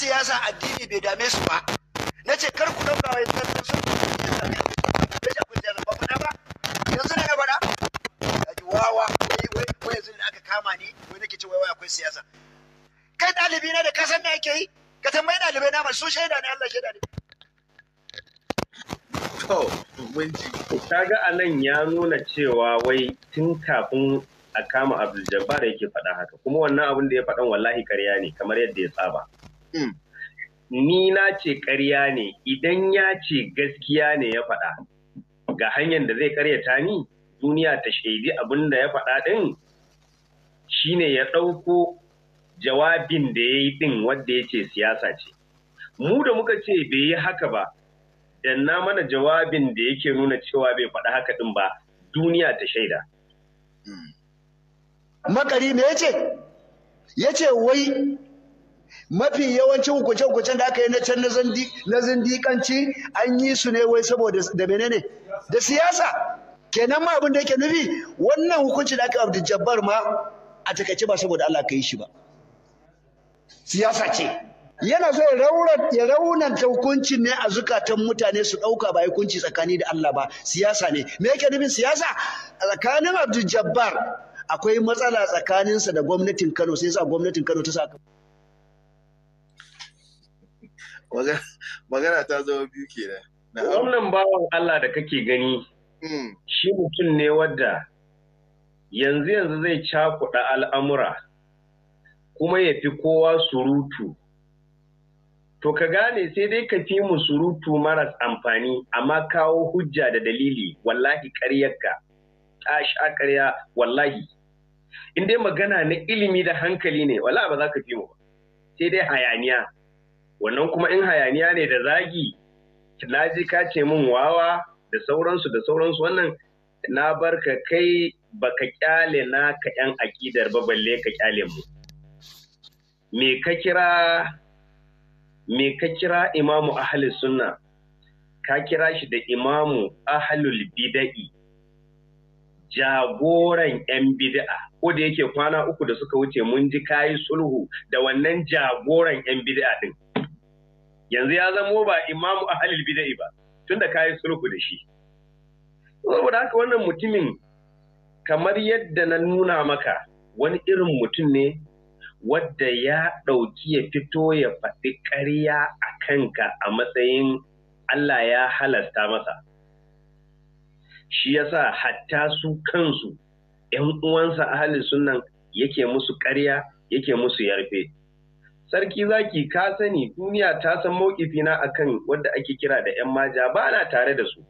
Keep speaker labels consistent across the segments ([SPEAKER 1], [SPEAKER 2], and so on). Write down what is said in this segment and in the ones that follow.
[SPEAKER 1] siyasa
[SPEAKER 2] addini bai dame su ba na ce kar ku dauka wai zan sun ya shafi da ba faɗa ba yanzu ne na faɗa kaji wawa wai wai wai yanzu da aka kama ni wai nake ce wai wai akwai siyasa kai ɗalibi na da ka san me ake yi ka tambayi ɗalibai na su shaida ne Allah shaida ne to mun ji kaga anan ya nuna cewa wai tun kafin a kama Abdul Jabbar yake faɗa haka kuma wannan abin da ya faɗan wallahi karya ne kamar yadda ya saba Mm. ni na ce ƙarya ne idan ya ce gaskiya ne ya faɗa ga hanyar da zai karyata ni duniya ta shaidi abin da ya faɗa ɗin shine ya ɗauko jawabin da ya yi ɗin wadda ya ce siyasa ce mu da muka ce bai yi haka ba dana na mana jawabin da yake nuna cewa bai faɗa haka ɗin ba duniya ta shaida mm. makari me ya ce ya ce wai mafi yawancin hukunce-hukuncen da aka yi na can na zindikanci an yi su ne wai saboda da menene da siyasa kenan ma abin da yake nufi wannan hukunci da aka yi jabbar ma a takaice ba saboda Allah ka yi shi ba siyasa ce yana so ya raunanta hukuncin ne a zukatan mutane su ɗauka ba hukunci tsakani da Allah ba siyasa ne me yake nufin siyasa tsakanin Abdul Jabbar akwai matsala tsakaninsa da gwamnatin Kano sai sa gwamnatin Kano ta saka magana ta zama biyu wannan bawan Allah da kake gani hmm. shi mutum ne wadda yanzu yanzu zai cakuɗa al'amura kuma ya fi kowa surutu to ka gane sai dai ka fi mu surutu maras amfani amma kawo hujja da dalili wallahi ƙaryarka ta sha karya, wallahi in magana na ilimi da hankali ne wallahi ba za ka fi mu ba sai dai hayaniya wannan kuma in hayaniya ne da zagi na ji ka ce min wawa da sauransu da sauransu wannan na bar ka kai baka kyale na ka yan aƙidar ba balle ka kyale mu me ka kira me ka imamu ahlus sunna ka kira shi da imamu ahlul bida'i jagoran 'yan bid'a ko da yake kwana uku da suka wuce mun ji kayi sulhu da wannan jagoran 'yan bid'a din yanzu ya zamo ba imamu a halil bida'i ba tunda kayi sulhu da shi saboda haka wannan mutumin kamar yadda na nuna maka wani irin mutum ne wadda ya ɗauki ya fito ya faɗi ƙarya a kanka a matsayin Allah ya halasta masa shi yasa hatta su kansu ‘yan uwansa ahalin sunan yake musu ƙarya yake musu yarfe Sarki zaki ka sani duniya ta san mawkifina akan wadda ake kira da 'yan maja ba na tare da su.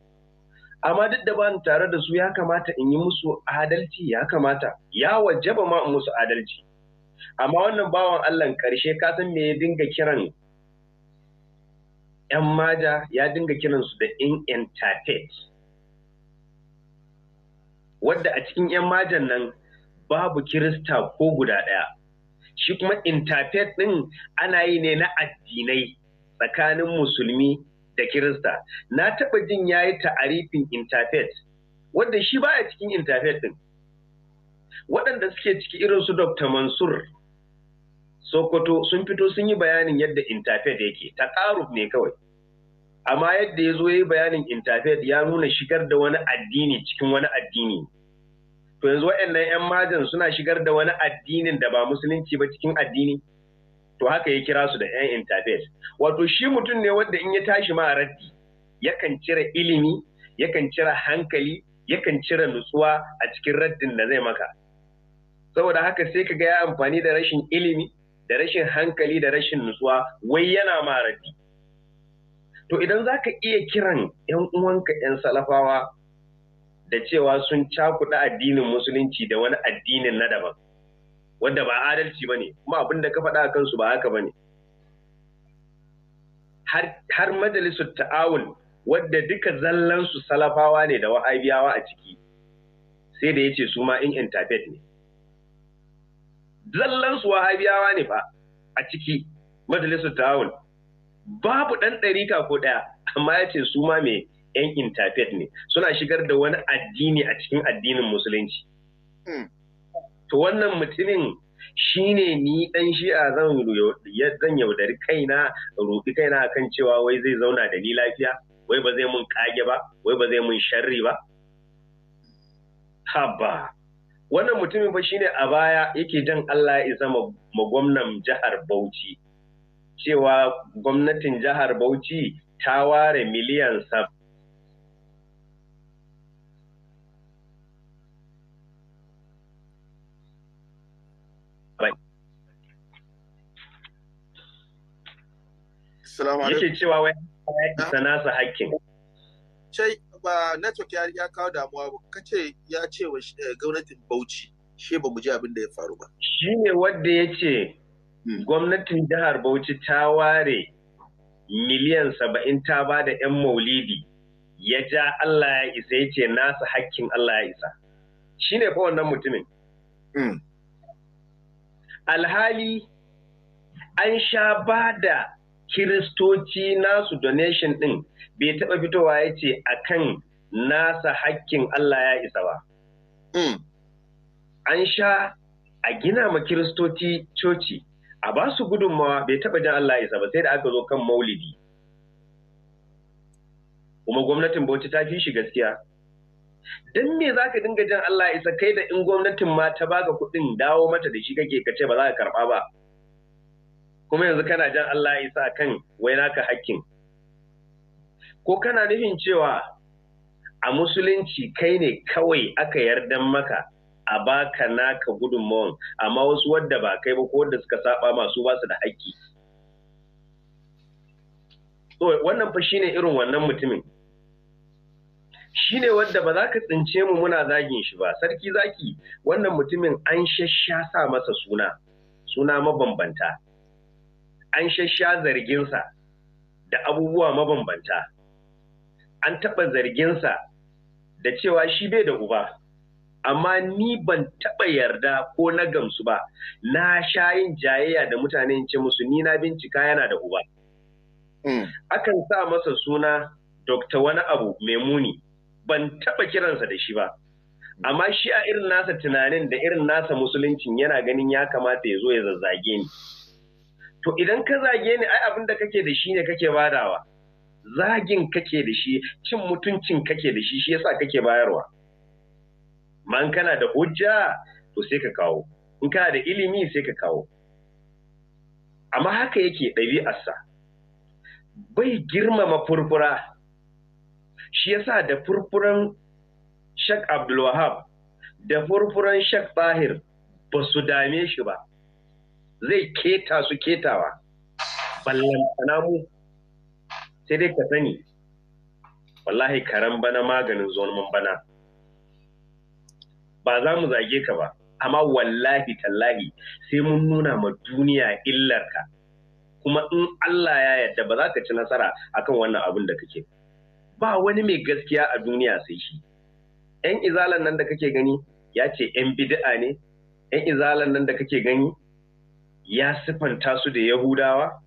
[SPEAKER 2] Amma duk da ba ni tare da su ya kamata in yi musu adalci ya kamata ya wajaba ma in musu adalci. Amma wannan bawan allah karshe ka san me ya dinga kiran 'yan maja ya dinga kiransu da in entertained. Wadda a cikin 'yan majan nan babu Kirista ko guda ɗaya. shi kuma intafet ɗin ana yi ne na addinai tsakanin musulmi da kirista na taɓa jin ya yi ta'arifin interfaith wanda shi ba a cikin intafet ɗin waɗanda suke ciki irin su dr mansur sokoto sun fito sun yi bayanin yadda intafet yake taƙaruf ne kawai amma yadda ya zo ya yi bayanin intafet ya nuna shigar da wani addini cikin wani addini to yanzu waɗannan 'yan majin suna shigar da wani addinin da ba musulunci ba cikin addini to haka ya kira su da 'yan interface wato shi mutum ne wanda in ya tashi ma raddi yakan cire ilimi yakan cire hankali yakan cire nutsuwa a cikin raddin da zai maka saboda haka sai ka ga ya amfani da rashin ilimi da rashin hankali da rashin nutsuwa wai yana ma raddi to idan za ka iya kiran 'yan uwanka 'yan salafawa da cewa sun cakuɗa addinin musulunci da wani addinin na daban wanda ba adalci ba ne kuma abin da ka faɗa a kansu ba haka ba ne har majalisar ta'awun wadda duka zallansu salafawa ne da wahabiyawa a ciki sai da ya ce su ma in intafet ne zallansu wahabiyawa ne ba a ciki majalisar ta'awun babu ɗan ɗarika ko ɗaya amma ya ce su ma mai 'yan interfaith ne suna shigar da wani addini a cikin addinin musulunci hmm. to wannan mutumin shi ne ni dan shi'a zan yaudari kaina roƙi kaina kan cewa wai zai zauna da ni lafiya wai ba zai mun kage ba wai ba zai mun sharri ba haba wannan mutumin fa shine a baya yake jan Allah ya isa ma gwamnan jihar Bauchi cewa gwamnatin jihar Bauchi ta ware miliyan sab. Assalamu alaikum. Yake cewa wai ya isa nasa hakkin.
[SPEAKER 3] Sai ba network ya ya kawo damuwa ba kace ya ce wa eh, gwamnatin Bauchi
[SPEAKER 2] she ba mu ji abin da ya faru ba. Shi ne wanda ya ce hmm. gwamnatin jihar Bauchi ta ware miliyan saba'in ta ba da 'yan maulidi ya ja Allah ya isa ya ce nasa hakkin Allah ya isa. Shi ne fa wannan mutumin. Hmm. Alhali an sha ba da kiristoci nasu donation ɗin bai taɓa fitowa ya ce a kan nasa hakkin Allah ya isa ba. Mm. An sha a gina ma kiristoci coci a ba su gudunmawa bai taɓa jan Allah ya isa ba sai da aka zo kan maulidi. Kuma gwamnatin Bauchi ta fi shi gaskiya. Don me za ka dinga jan Allah ya isa kai da in gwamnatin ma ta baka kuɗin dawo mata da shi kake ka ce ba za ka karɓa ba. kuma yanzu kana jan Allah ya sa kan wai naka hakkin ko kana nufin cewa a musulunci kai ne kawai aka yarda maka a baka naka gudunmawan amma wasu wadda ba kai ba ko wadda suka saba masu basu da hakki to wannan fa shine irin wannan mutumin shine wadda ba za ka tsince mu muna zagin shi ba sarki zaki wannan mutumin an shasha sa masa suna suna mabambanta an shasha zarginsa da abubuwa mabambanta an taɓa zarginsa da cewa shi bai da uba amma ni ban taɓa yarda ko na gamsu ba na sha yin jayayya da mutane ce musu ni na bincika yana da uba hmm. akan sa masa suna dokta wani abu mai muni ban taɓa kiransa da shi ba amma shi a irin nasa tunanin da irin nasa musuluncin yana ganin ya kamata ya zo ya zazzage ni to idan ka zage ni ai abin da kake da shi ne kake badawa zagin kake da shi cin mutuncin kake da shi shi yasa kake bayarwa man kana da hujja to sai ka kawo in kana da ilimi sai ka kawo amma haka yake ɗabi'arsa bai girmama furfura shi yasa da furfuran shak abdulwahab da furfuran shak bahir ba su dame shi ba zai keta su ketawa ballan mu sai dai ka sani wallahi karan bana maganin zonman bana ba za mu zage ka ba amma wallahi tallahi sai mun nuna ma duniya illarka kuma in Allah ya yarda ba za ka ci nasara akan wannan abin da kake ba wani mai gaskiya a duniya sai shi yan izalan nan da kake gani ya ce yan bid'a ne yan izalan nan da kake gani ya sifanta su da yahudawa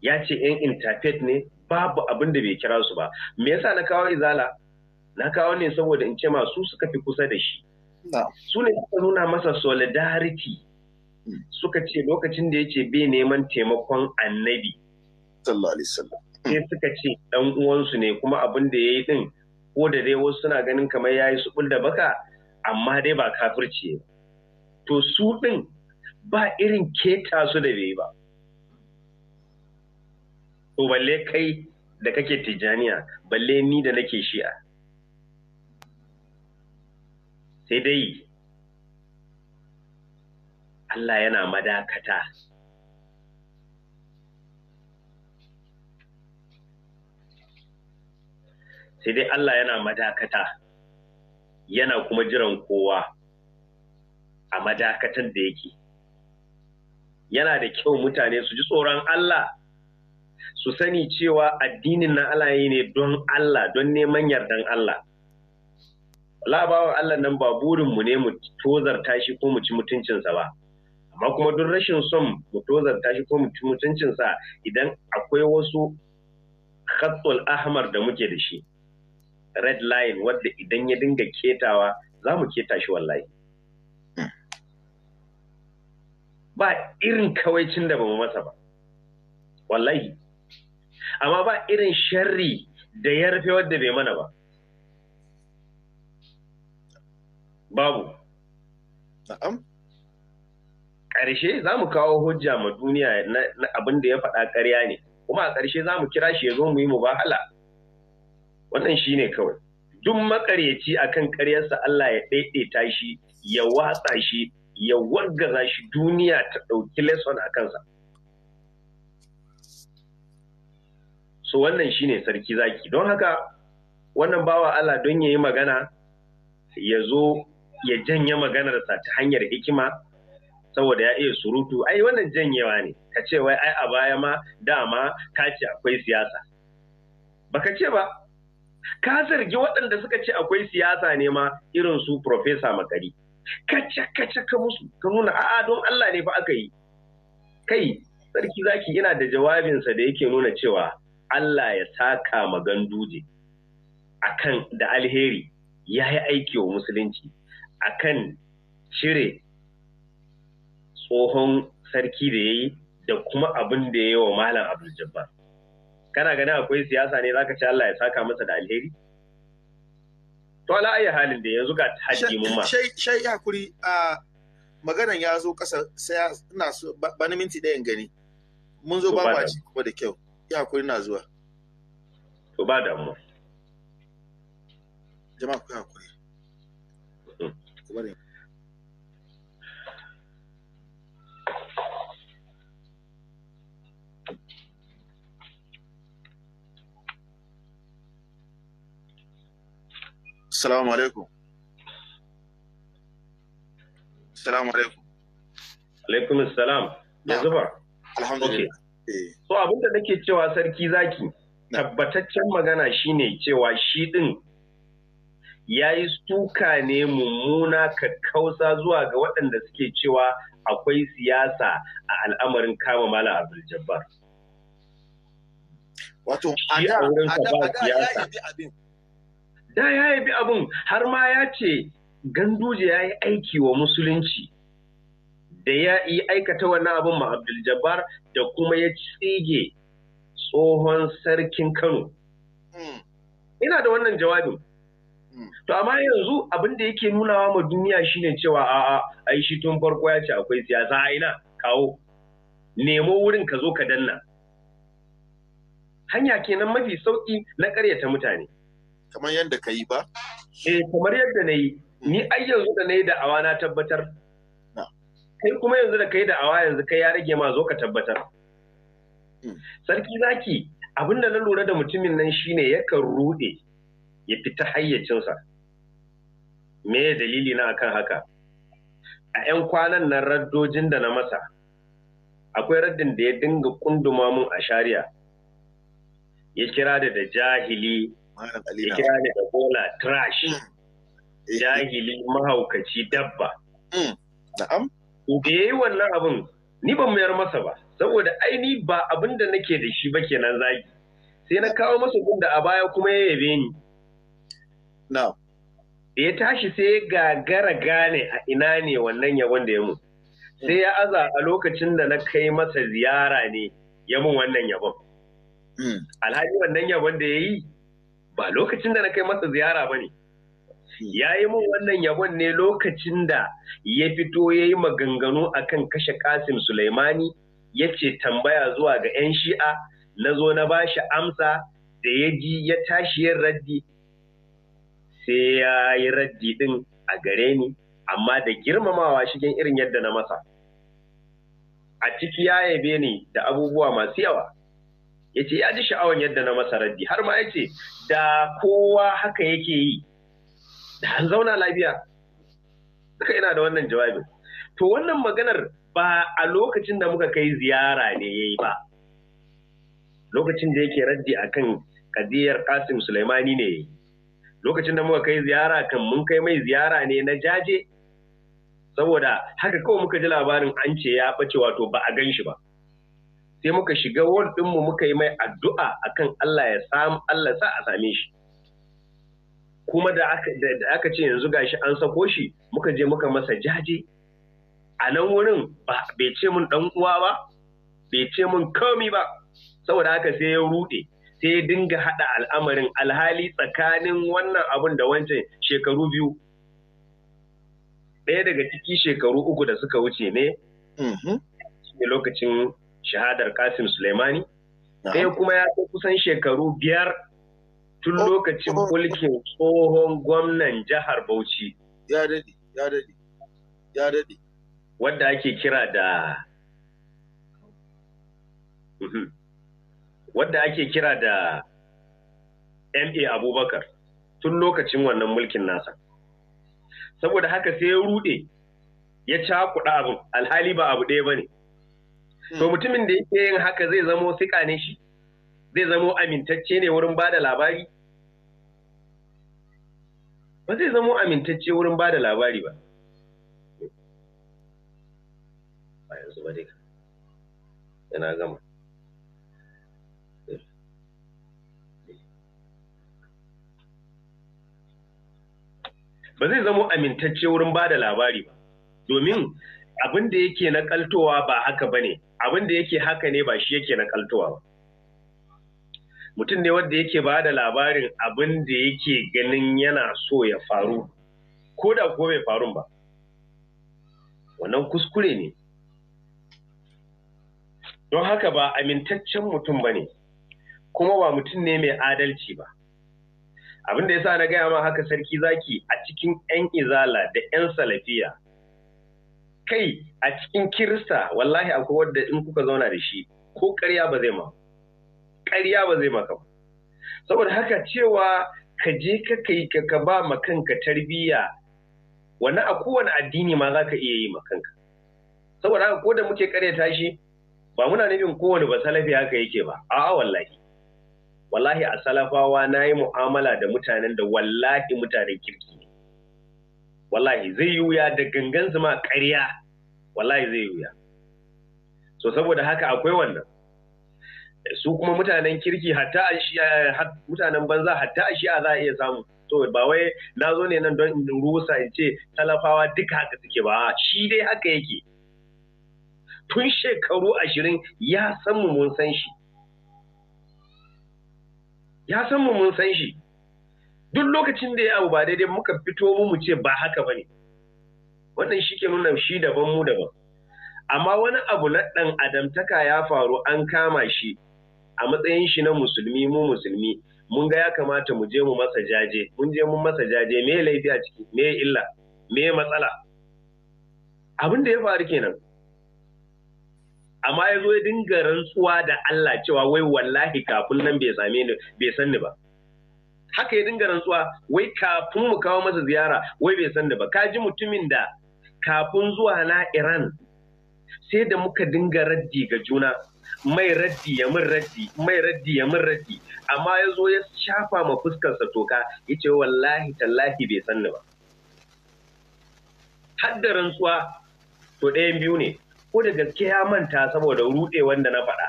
[SPEAKER 2] ya ce yan intafet ne babu abin da bai kira su ba me yasa na kawo izala na kawo ne saboda in ce masu suka fi kusa da shi su ne suka nuna masa solidarity suka ce lokacin da yake bai neman taimakon annabi sai suka ce dan uwansu ne kuma abin da ya yi din ko da dai wasu suna ganin kamar ya yi su da baka amma dai ba kafirci to su ɗin ba irin keta su da bai ba to balle kai da kake tijaniya balle ni da nake shi'a sai dai Allah yana madakata sai dai Allah yana madakata yana kuma jiran kowa a madakatar da yake yana da kyau mutane su ji tsoron Allah su sani cewa addinin na Allah ne don Allah don neman yardan Allah labawan Allah nan ba burinmu ne mu tozarta shi ko mu ci mutuncinsa ba amma kuma duk rashin son mu tozarta shi ko mu ci mutuncinsa idan akwai wasu khatsul ahmar da muke da shi red line wadda idan ya dinga ketawa za mu keta shi wallahi ba irin kawaicin da ba masa ba wallahi amma ba irin sharri da ya rufe wadda bai mana ba babu na'am ƙarshe za mu kawo hujja ma duniya na abin da ya faɗa ƙarya ne kuma a ƙarshe za mu kira shi ya zo mu yi mu bahala wannan shi ne kawai duk makaryaci kan ƙaryarsa Allah ya ɗaiɗaita shi ya watsa shi ya waggaza shi duniya ta ɗauki lesson a kansa so wannan shi ne sarki zaki don haka wannan bawa Allah don ya yi magana ya zo ya janye maganarsa ta hanyar hikima saboda ya iya surutu ai wannan janyewa ne ka ce wai ai a baya ma dama ka ce akwai siyasa baka ce ba ka zargi waɗanda suka ce akwai siyasa ne ma irin su profesa makari kaca kaca ka musu ka nuna a'a don Allah ne fa aka yi kai sarki zaki yana da jawabinsa da yake nuna cewa Allah ya saka ma duje. akan da alheri ya yi aiki wa musulunci akan cire tsohon sarki da ya yi da kuma abin da ya yi wa malam abdul jabbar kana ganin akwai siyasa ne zaka ce Allah ya saka masa da alheri to ala ayi halin da yanzu ga hajji mun ma shai shai
[SPEAKER 3] kuri a maganan ya zo kasa sai ina so ba na minti ɗayan gani mun zo ba ba kuma da kyau ya kuri na zuwa to ba da mu jama'a ku hakuri mm. Assalamu alaikum.
[SPEAKER 2] Assalamu alaikum. Ya zuba. Alhamdulillah. So abinda nake cewa sarki zaki tabbataccen magana shine cewa shi din ya yi suka ne mummuna kakkausa zuwa ga waɗanda suke cewa akwai siyasa a al'amarin kama Malam Abdul Jabbar.
[SPEAKER 1] Wato, a da,
[SPEAKER 2] a da ya bi abin har ma ya ce ganduje ya yi aiki wa musulunci da ya yi aikata wani abin ma Abdul Jabbar da kuma ya tsige tsohon sarkin Kano. Hmm. Ina da wannan jawabin. Hmm. To amma yanzu abin da yake nunawa ma duniya shine cewa a'a a shi tun farko ya ce akwai siyasa a ina kawo nemo wurin ka zo ka danna. Hanya kenan mafi sauƙi na ƙaryata mutane. kamar yadda ka yi ba? Eh, kamar yadda na yi, ni ai yanzu da na yi da'awa na tabbatar. Kai kuma yanzu da ka yi da'awa yanzu kai ya rage ma zo ka tabbatar. Hmm. Sarki zaki abin da na lura da mutumin nan shine yakan ruɗe ya fita hayyacinsa. Me dalili na akan haka? A 'yan kwanan nan raddojin da na masa, akwai raddin da ya dinga kunduma mun a shari'a. Ya kira da da jahili malam ali na kira ni da bola trash hmm. eh, eh. jahili mahaukaci dabba hmm. na'am da yayi wannan abin ni ban mayar masa ba saboda aini ba abin da nake da shi ba kenan zagi sai na kawo masa gunda a baya kuma ya yabe ni da ya tashi sai ya gagara gane a ina ne wannan yabon da ya mu sai ya aza a lokacin da na kai masa ziyara ne ya mun wannan yabon hmm. alhaji wannan yabon da ya yi ba lokacin da na kai masa ziyara ba ne ya yi min wannan yabon ne lokacin da ya fito ya yi maganganu akan kashe kasim sulaimani ya ce tambaya zuwa ga 'yan shi'a na zo na bashi amsa da ya ji ya tashi yin raddi sai ya yi raddi ɗin a gare ni amma da girmamawa shigen irin yadda na masa a ciki ya yabe ni da abubuwa masu yawa ya ce ya ji sha'awan yadda na masa raddi har ma ya ce da kowa haka yake yi da an zauna lafiya duka ina da wannan jawabin to wannan maganar ba a lokacin da muka kai ziyara ne ya yi ba lokacin da yake raddi a kan kadiyar kasim sulaimani ne lokacin da muka kai ziyara kan mun kai mai ziyara ne na jaje saboda haka kawai muka ji labarin an ce ya ɓace wato ba a gan shi ba sai muka shiga ward mu muka yi mai addu'a akan Allah ya samu Allah sa a same shi kuma da aka ce yanzu gashi an sako shi muka je muka masa jaje a nan wurin bai ce mun ɗan uwa ba bai ce mun komi ba saboda haka sai ya rude sai ya dinga haɗa al'amarin alhali tsakanin wannan abun da wancan shekaru biyu ɗaya daga ciki shekaru uku da suka wuce ne mm-hmm. lokacin shahadar Kasim Suleimani. Ɗaya kuma ya kai kusan shekaru biyar tun oh, lokacin oh. mulkin tsohon gwamnan jihar Bauchi. Ya daɗe, ya daɗe, ya daɗe. Wadda ake kira da mhm. wadda ake kira da MA Abubakar tun lokacin wannan mulkin nasa. Saboda haka sai ya rude ya cakuɗa abin alhali ba abu ɗaya ba ne. to hmm. mutumin da yake yin haka zai zamo sika ne shi zai zamo amintacce ne wurin bada labari ba zai zamo amintacce wurin bada labari ba ba yanzu ba dai yana gama ba zai zamo amintacce wurin da labari ba domin abin da yake na kaltowa ba haka ba ne abin da yake haka ne ba shi yake na kaltuwa ba mutum ne wanda yake ba da labarin abin da yake ganin yana so ya faru ko da ko bai farun ba wannan kuskure ne don haka ba amintaccen mutum ba ne kuma ba mutum ne mai adalci ba abin da ya sa na gaya ma haka sarki zaki a cikin 'yan izala da 'yan salafiya kai a cikin kirista wallahi akwai wadda in kuka zauna da shi ko ƙarya ba zai maka ƙarya ba zai maka saboda haka cewa ka je ka kai ka ka ba ma kanka tarbiyya wani a kowane addini ma za ka iya yi ma kanka saboda haka ko da muke ƙaryata shi ba muna nufin kowane ba salafi haka yake ba a'a wallahi wallahi a salafawa na yi mu'amala da mutanen da wallahi mutanen kirki wallahi zai yi wuya da gangan zama ƙarya wallahi zai wuya so saboda haka akwai wannan su kuma mutanen kirki hatta mutanen banza hatta a shi'a za a iya samu to ba wai na zo ne nan don in rusa in ce talafawa duka haka suke ba shi dai haka yake tun shekaru ashirin ya san mu mun san shi ya san mu mun san shi duk lokacin da ya abu ba daidai muka fito mu mu ce ba haka ba ne wannan shi ke nuna shi daban mu daban amma wani abu na ɗan adamtaka ya faru an kama shi a matsayin shi na musulmi mu musulmi mun ga ya kamata mu je mu masa jaje mun je mun masa jaje me laifi a ciki me illa me matsala abin da ya faru kenan amma ya zo ya dinga rantsuwa da Allah cewa wai wallahi kafin nan bai same ni bai san ni ba haka ya dinga rantsuwa wai kafin mu kawo masa ziyara wai bai san ni ba ka ji mutumin da kafin zuwa na Iran sai da muka dinga raddi ga juna mai raddi ya min raddi mai raddi ya min raddi amma ya zo ya shafa ma fuskarsa toka ya ce wallahi tallahi bai sanni ba hadda rantsuwa to ɗayan biyu ne ko da gaske ya manta saboda ruɗe wanda na faɗa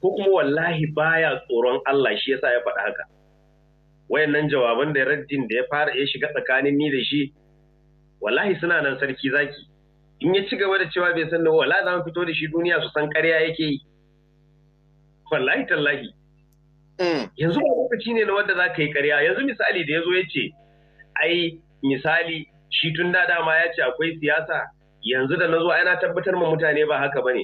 [SPEAKER 2] ko kuma wallahi baya tsoron Allah shi yasa ya faɗa haka wayannan jawaban da raddin da ya fara ya shiga tsakanin ni da shi wallahi suna nan sarki zaki in ya ci gaba da cewa bai san da wallahi za fito da shi duniya su san ƙarya yake yi wallahi tallahi mm. yanzu ba lokaci ne na wanda za ka yi ƙarya yanzu misali da ya zo ya ce ai misali shi tun da dama ya ce akwai siyasa yanzu da na zo ai na tabbatar ma mutane ba haka bane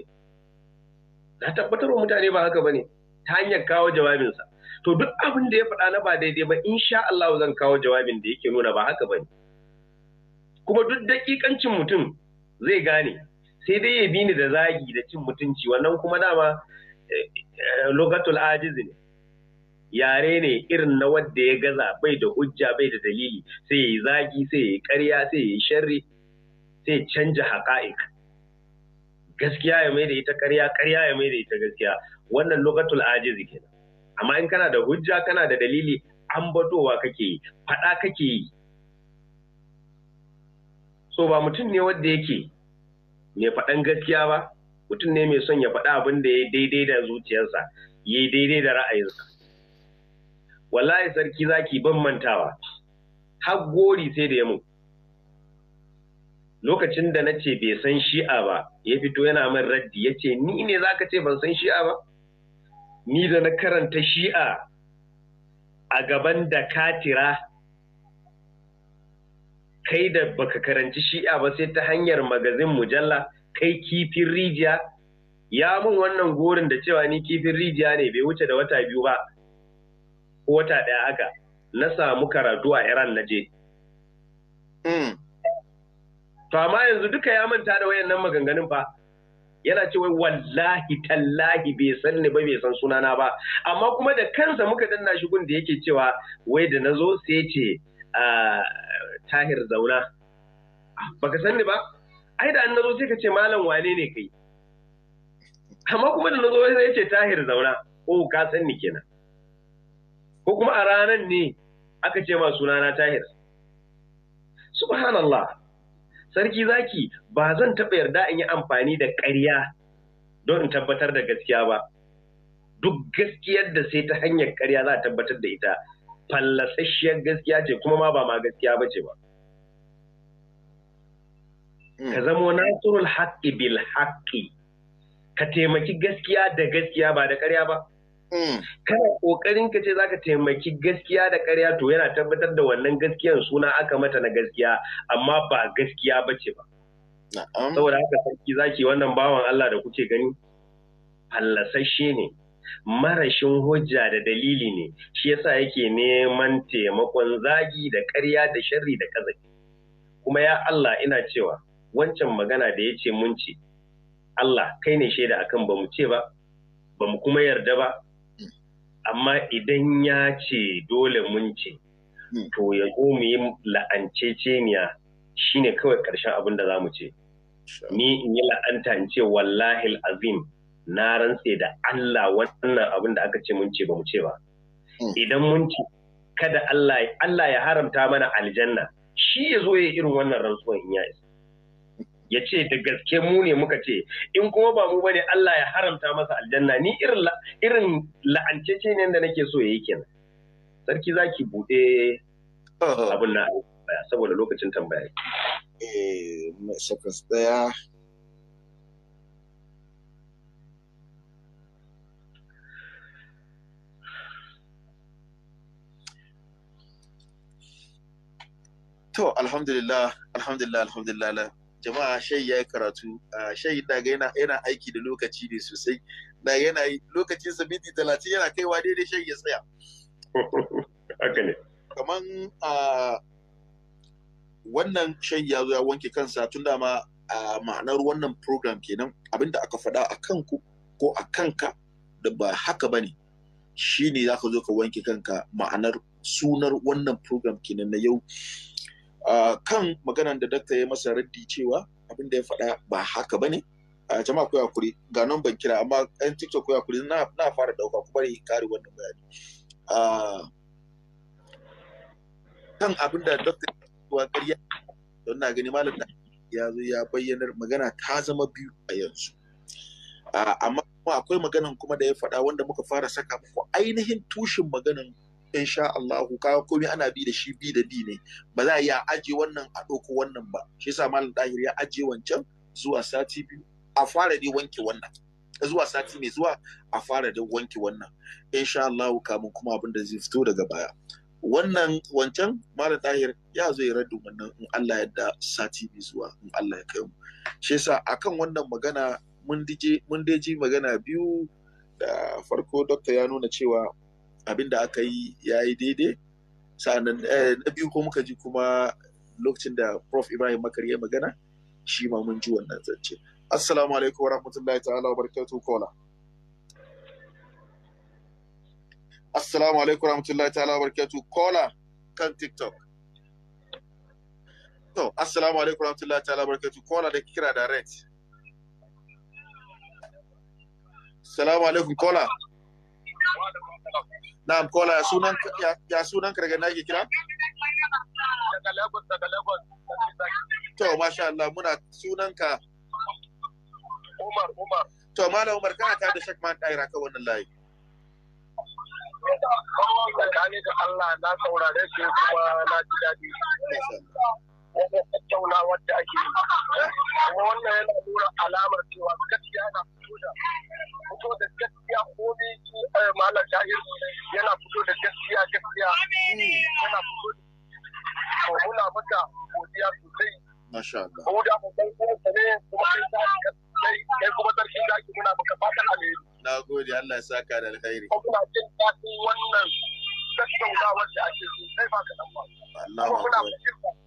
[SPEAKER 2] na tabbatar ma mutane ba haka bane ta hanyar kawo jawabinsa to duk abin da ya faɗa na ba daidai ba insha Allah zan kawo jawabin da yake nuna ba haka bane kuma duk dakikancin mutum zai gane sai dai ya bi ni da zagi da cin mutunci wannan kuma dama eh, lokatul ajiz ne yare ne irin na wanda ya gaza bai da hujja bai da dalili sai ya yi zagi sai ya yi ƙarya sai ya yi sharri sai ya canja haƙa'ik gaskiya ya mai da ita ƙarya ƙarya ya mai da ita gaskiya wannan lokatul ajiz kenan amma in kana da hujja kana da dalili ambatowa kake yi faɗa kake yi so ba mutum ne wanda yake mai faɗan gaskiya ba mutum ne mai son ya faɗa abin da ya daidai da zuciyarsa ya daidai da ra'ayinsa wallahi sarki zaki ban mantawa har gori sai da ya lokacin da na ce bai san shi'a ba ya fito yana min raddi ya ce ni ne za ka ce ban san shi'a ba ni da na karanta shi'a a gaban da katira kai da baka karanci shi'a ba sai ta hanyar magazin mujalla kai kifin rijiya ya mun wannan gorin da cewa ni kifin rijiya ne bai wuce da wata biyu ba ko wata ɗaya haka na samu karatu a iran na je mm. to amma yanzu duka ya manta da wayannan maganganun fa yana ce wai wallahi tallahi bai san ni ba bai san sunana ba amma kuma da kansa muka danna shi gun da yake cewa wai da nazo sai ce ah, tahir zauna baka sani ba ai da an nazo sai ka malam wane ne kai amma kuma da nazo sai yace tahir zauna ko ka sani kenan ko kuma a ranar ne aka ce ma sunana tahir subhanallah sarki zaki ba zan taɓa yarda in yi amfani da ƙarya don in tabbatar da gaskiya ba duk gaskiyar da sai ta hanyar ƙarya za a tabbatar da ita fallasasshiyar gaskiya ce kuma ma ba ma gaskiya ba ce ba hmm. ka zamo nasirul haƙƙi bil haƙƙi ka taimaki gaskiya da gaskiya ba da ƙarya ba hmm. kana ƙoƙarin ka ce za ka taimaki gaskiya da ƙarya to yana tabbatar da wannan gaskiyan suna aka mata na gaskiya amma ba gaskiya ba ce ba saboda haka sarki zaki wannan bawan Allah da kuke gani fallasashe ne marashin hujja da dalili ne shi yasa yake neman taimakon zagi da ƙarya da sharri da kazafi kuma ya Allah ina cewa wancan magana da ya ce mun ce Allah kai ne shaida akan bamu ce ba Bamu kuma yarda ba amma idan ya ce dole mun ce to ya zo mu yi shi shine kawai ƙarshen abin da za mu ce ni in yi la'anta in ce wallahi azim na rantse da Allah wannan abin da aka ce mun ce ba mu ce ba hmm. idan mun ce kada Allah Allah ya haramta mana aljanna shi ya zo ya irin wannan rantsuwan in ya isa ya ce da gaske mu ne muka ce in kuma ba mu bane Allah ya haramta masa aljanna ni irin irin la'ancece ne da nake so yayi kenan sarki zaki bude oh. abin na saboda lokacin tambaya eh
[SPEAKER 1] mai sakas
[SPEAKER 3] To, alhamdulillah, alhamdulillah, alhamdulillah. Jama'a shai ya yi karatu, shai na yana, yana aiki da lokaci ne sosai, da yana lokacin sa minti talatin yana kaiwa daidai shai ya tsaya. Haka ne. Kaman wannan shai ya zo ya wanke kansa tun da ma ma'anar wannan program kenan abinda aka faɗa a kanku ko a kanka da ba haka ba ne. Shi ne za ka zo ka wanke kanka ma'anar sunar wannan program kenan na yau kan maganan da dakta ya masa raddi cewa abin da ya faɗa ba haka ba ne jama'a ku yakuri ga nan ban kira amma ɗan tiktok ku yakuri na na fara ɗauka ku bari kare wannan bayani kan abin da dakta ya ƙarya don na gani malam ya zo ya bayyana magana ta zama biyu a yanzu amma akwai maganan kuma da ya faɗa wanda muka fara saka muku ainihin tushen maganan sha Allahu ka komai ana bi da shi bi da bi ne ba za a yi a aje wannan a ɗauko wannan ba shi yasa malam dahir ya aje wancan zuwa sati biyu a fara dai wanke wannan zuwa sati mai zuwa a fara da wanke wannan sha Allah kamun kuma abin da zai fito daga baya wannan wancan malam dahir ya zo ya raddu wannan in Allah ya da sati mai zuwa in Allah ya kai mu shi yasa akan wannan magana mun dije mun magana biyu da farko dokta ya nuna cewa abin da aka yi ya yi daidai sa'annan eh, na biyu ko muka ji kuma lokacin da prof ibrahim makar ya magana shi ma mun ji wannan zance assalamu alaikum wa rahmatullahi ta'ala wa barakatuhu kola assalamu alaikum wa rahmatullahi ta'ala wa barakatuhu kola kan tiktok to assalamu alaikum wa rahmatullahi ta'ala wa barakatuhu kola da kira direct assalamu alaikum kola Na'am kola sunan ya sunan ka daga na ke kira?
[SPEAKER 1] Daga Lagos daga Lagos.
[SPEAKER 3] To masha Allah muna sunan ka.
[SPEAKER 1] Umar Umar. To malam Umar kana ta da
[SPEAKER 3] Sheikh Man Daira ka wannan layi.
[SPEAKER 1] Tsakani da Allah na saurare shi kuma na ji daɗi. wannan tattaunawar da ake yi kuma wannan yana nuna alamar cewa gaskiya na fito da fito da gaskiya komai eh, malam shahir yana fito da gaskiya gaskiya eh, yana fito da muna maka godiya sosai Ko da mu dan uwanka ne kuma kai ta kai kuma sarkin zaki muna maka fatan alheri.
[SPEAKER 3] Na gode Allah ya saka da alheri. Ko
[SPEAKER 1] muna jin daɗin wannan tattaunawar da ake yi sai ba ka dan ba. Allah.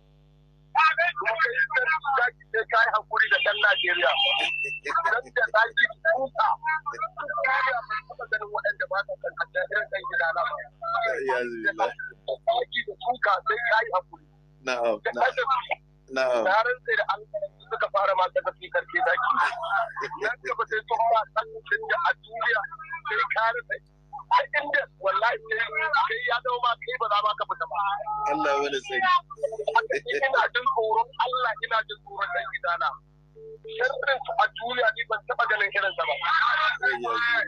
[SPEAKER 1] sai ka yi hakuri da ɗan Najeriya. Don da za ki tuka, kariya mai kuma ganin waɗanda ba su kan kanta irin ɗan gida na ba. Ya zuwa. Da da tuka sai kayi yi hakuri. Na'am. Na'am. Da ran sai da an suka fara ma ƙasa fi karfe zaki. Nan gaba sai sun ma ɗan da a duniya sai ka rasa a inda wallahi kai ya dawo ma kai ba za ma ka fita ba Allah wani sai ina jin tsoron Allah ina jin tsoron dan gidana sharrin su a duniya ni ban taba ganin irin sa ba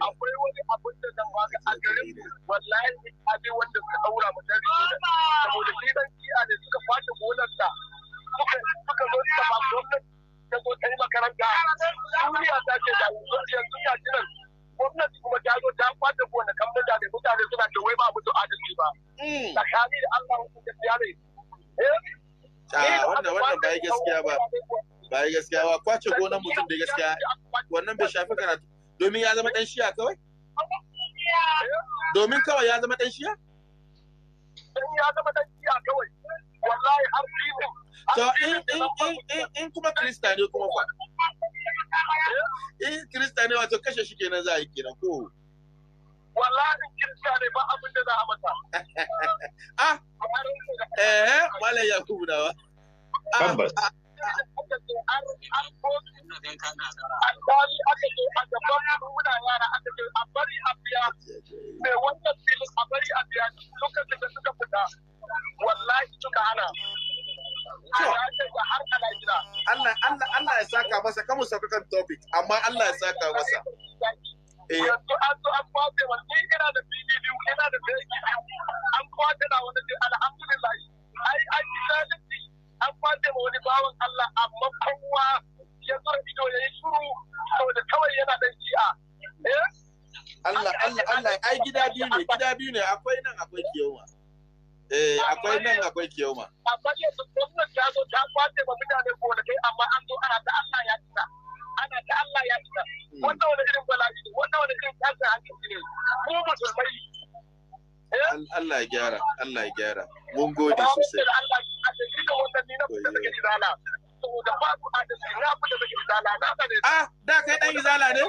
[SPEAKER 1] akwai wani abin da zan baka a garin wallahi abi wanda suka aura mu da saboda shi dan kiya ne suka kwace gonar sa suka suka zo suka ba gwamnati ta zo ta yi makaranta duniya ta ce da yanzu ta ji nan gwamnati kuma ta zo ta kwata kowane kamar da mutane suna da wai ba mutu adalci ba hmm. tsakani da Allah hukunta ah, eh,
[SPEAKER 3] eh, wanda wannan ba bai gaskiya ba bai gaskiya ba kwace gonan mutum da gaskiya wannan bai shafi karatu domin ya zama dan shiya kawai domin kawai ya zama dan shiya
[SPEAKER 1] ya zama dan shiya kawai wallahi har to in in
[SPEAKER 3] kuma krista ne kuma fa eh kirista ne wato kashe shi kenan za a yi kenan ko
[SPEAKER 1] wallahi kirista ne ba abin da za a mata ah
[SPEAKER 3] eh dawa ah, tabbas ah,
[SPEAKER 1] Allah Allah Allah ya saka masa kamun sauka kan topic amma Allah ya saka masa eh yanzu an zo an kwace wani ina da fili biyu ina da fili an kwace da wani alhamdulillah ai an yi zalunci an kwace ma wani bawan Allah amma kowa ya zura ido ya yi shuru saboda kawai yana da shi'a eh? Allah Allah Allah ai gida biyu ne gida biyu ne akwai nan akwai kewa
[SPEAKER 3] Eh, akwai nan akwai kiyoma.
[SPEAKER 1] Amma yanzu gwamnan ta zo ta kwace ma mutane gonakai amma an zo ana ta Allah ya isa. Ana ta Allah ya isa. Hmm. Wannan wani irin bala'i ne, wannan wani irin tashin hankali ne. Mu musulmai.
[SPEAKER 3] Eh? Allah ya gyara, Allah ya gyara. Mun gode sosai. Allah
[SPEAKER 1] ya gyara, da wannan ni na fita daga izala. Saboda babu adalci na fita daga izala na sani. Ah, da kai dan izala ne?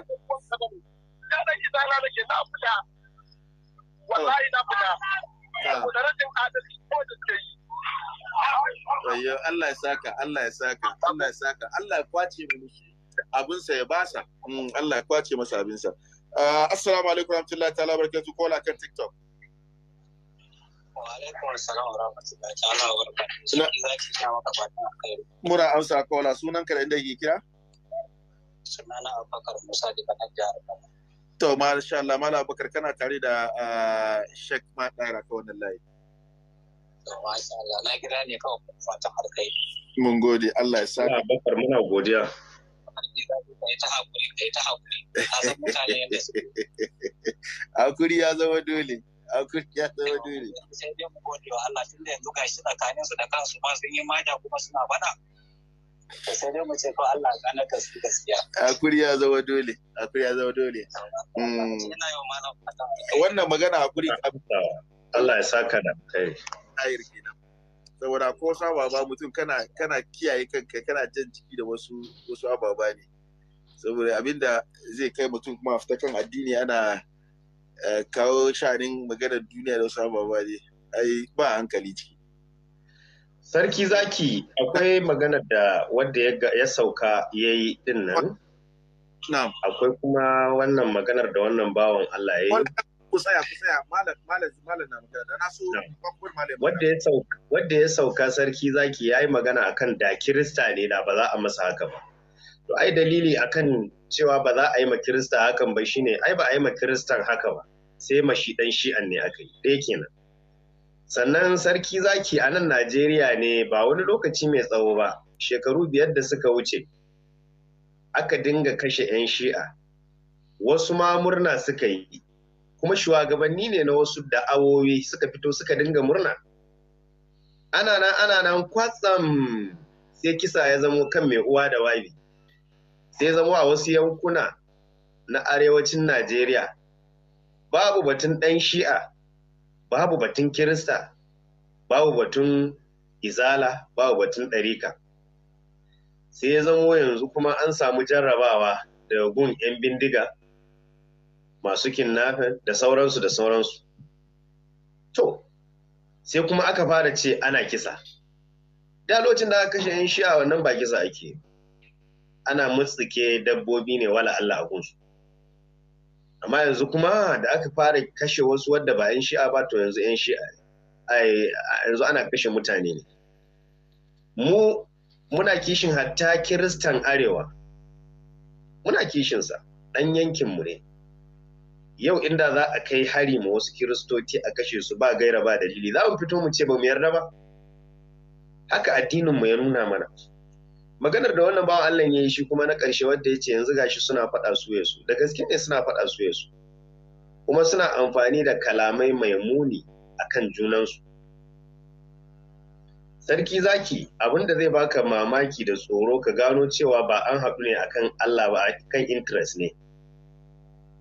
[SPEAKER 1] Da dan izala nake na fita. Wallahi na fita. saboda da
[SPEAKER 3] Allah ya saka, Allah ya saka, Allah ya saka, Allah ya kwace mulki abinsa ya basa, mm, Allah ya kwace masa abinsa. Ah, assalamu alaikum wa ta'ala barakatu la kan TikTok. Wa wa wa Mura amsa kola sunan ka da inda yake kira?
[SPEAKER 1] Sunana Abubakar Musa daga Najjar. jihar Kano.
[SPEAKER 3] to ma sha Allah mala Abubakar kana tare da ah, shek ma daira ka wannan layi
[SPEAKER 1] to sha Allah na gida ne kawai har kai
[SPEAKER 3] mun gode Allah ya saka Abubakar muna godiya hakuri ya zama dole hakuri ya zama dole sai dai mu
[SPEAKER 1] gode wa Allah tunda yanzu gashi tsakaninsu da kansu ba sun yi maja kuma suna bada to sai dai mu ce ko Allah gane ka na kasu gaskiya
[SPEAKER 3] hakuri ya zama dole hakuri ya zama dole hmm. wannan magana hakuri
[SPEAKER 2] Allah ya saka da kai
[SPEAKER 3] ayir kenan saboda ko saba ba mutum kana kana kiyaye kanka kana jan jiki da wasu wasu ababa ne saboda abinda zai kai mutum kuma fita kan addini ana eh, kawo shanin maganar duniya da wasu ababa ne ai ba
[SPEAKER 2] hankali ciki Sarki zaki akwai magana da wanda ya sauka ya yi din nan. Akwai kuma wannan maganar da wannan bawan Allah ya yi. Kusaya,
[SPEAKER 3] kusaya, ku tsaya na magana da na so malam.
[SPEAKER 2] Wanda ya sauka ya sauka sarki zaki ya yi magana a kan da Kirista ne da ba za a masa haka ba. To ai dalili a kan cewa ba za a yi ma Kirista hakan ba shi ne ai ba a yi ma Kiristan haka ba. Sai ma shi dan shi'an ne aka yi. Ɗaya kenan. sannan sarki zaki a nan najeriya ne ba wani lokaci mai tsawo ba shekaru biyar da suka wuce aka dinga kashe 'yan shi'a wasu ma murna suka yi kuma shugabanni ne na wasu da'awowi suka fito suka dinga murna ana nan ana nan kwatsam sai kisa ya zamo kan mai uwa da wabi sai zamo a wasu yankuna na arewacin najeriya babu batun ɗan shi'a babu batun kirista babu batun izala babu batun ɗarika sai ya zamo yanzu kuma an samu jarrabawa da gun 'yan bindiga masu kinnafin da sauransu da sauransu to sai kuma aka fara ce ana kisa da lokacin da aka kashe 'yan shi'a wannan ba kisa ake ana mutsike dabbobi ne wala Allah a gunsu amma yanzu kuma da aka fara kashe wasu wadda ba 'yan shi'a ba to yanzu 'yan shi'a yanzu ana kashe mutane ne mu muna kishin hatta kiristan arewa muna kishinsa ɗan yankinmu ne yau inda za a kai hari ma wasu kiristoci a kashe su ba gaira ba dalili za mu fito mu ce ba mu yarda ba haka addininmu ya nuna mana maganar da wannan bawan Allah ya yi shi kuma na ƙarshe wanda ya ce yanzu gashi suna faɗa su ya da gaske ne suna faɗa su ya kuma suna amfani da kalamai mai muni akan junansu sarki zaki abinda zai baka mamaki da tsoro ka gano cewa ba an haɗu ne akan Allah ba akan interest ne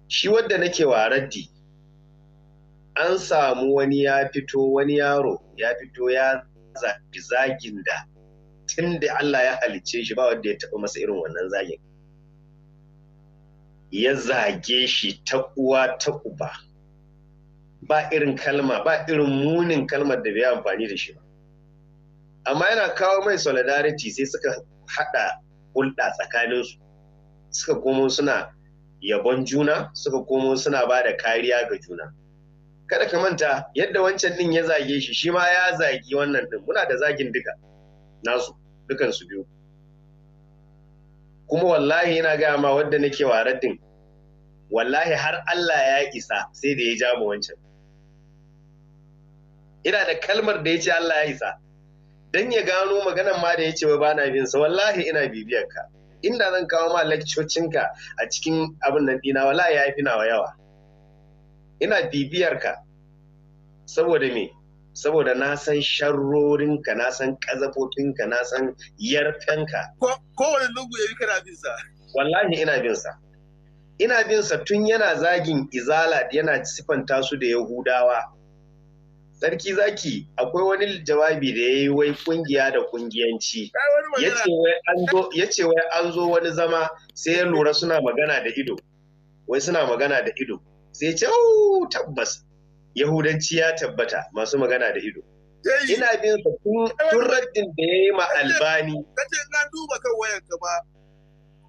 [SPEAKER 2] shi wadda nake wa raddi an samu wani ya fito wani yaro ya fito ya zagi zagin da tun da Allah ya halicce shi ba wanda ya taɓa masa irin wannan zagin ya zage shi ta uwa ta uba ba irin kalma ba irin munin kalmar da bai amfani da shi ba amma yana kawo mai solidarity sai suka haɗa hulɗa tsakaninsu suka komo suna yabon juna suka komo suna ba da kariya ga juna kada ka manta yadda wancan din ya zage shi shi ma ya zagi wannan din muna da zagin duka nasu su biyu kuma wallahi yana gaya ma wadda nake wa raddin wallahi har Allah ya isa sai da ya ja mu wancan ina da kalmar da ya ce Allah ya isa dan ya gano maganan ma da ya ce wai ba na bin sa wallahi ina bibiyar ka inda zan kawo ma ka a cikin abin nan dina wallahi ya fi nawa yawa ina bibiyar ka saboda me saboda na san sharrorinka na san ƙazafofinka na san yarfenka kowane lungu ya yi kana bin wallahi ina bin sa ina bin sa tun yana zagin izala yana sifanta su da yahudawa sarki zaki akwai wani jawabi da ya yi wai kungiya da kungiyanci ya ce wai an zo wani zama sai ya lura suna magana da ido wai suna magana da ido sai ce tabbas yahudanci ya tabbata masu magana da ido eh. ina bin sa tun raddin da ya yi ma albani kace na
[SPEAKER 3] duba kan ka
[SPEAKER 2] ba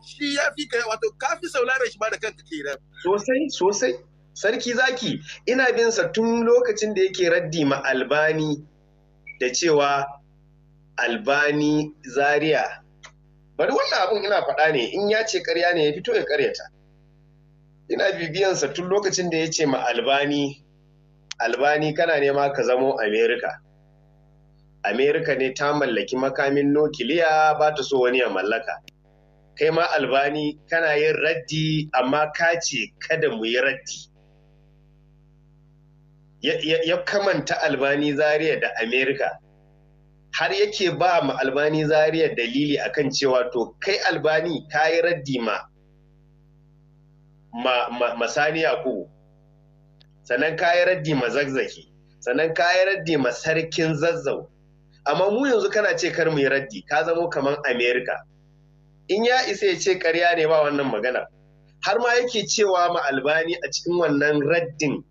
[SPEAKER 2] shi ya fi ka wato ka fi sauraron shi ba da kanka kenan sosai sosai sarki zaki ina bin sa tun lokacin da yake raddi ma albani da cewa albani zaria bari wannan abun ina faɗa ne in ya ce karya ne ya fito ya karyata ina bibiyansa tun lokacin da ya ce ma albani albani kana nema ka zamo amerika amerika ne ta mallaki makamin nukiliya ba ta so wani ya mallaka kai ma albani kana yin raddi amma ka ce kada mu yi raddi ya kamanta albani zaria da amerika har yake ba ma albani zaria dalili akan cewa to kai albani ka yi raddi ma masani ko. sannan yi raddi ma zagzaki sannan yi raddi ma sarkin zazzau amma mu yanzu kana ce kar mu yi raddi ka zamo kaman Amerika. in ya isa ya ce karya ne ba wannan magana har ma yake cewa ma albani a cikin wannan raddin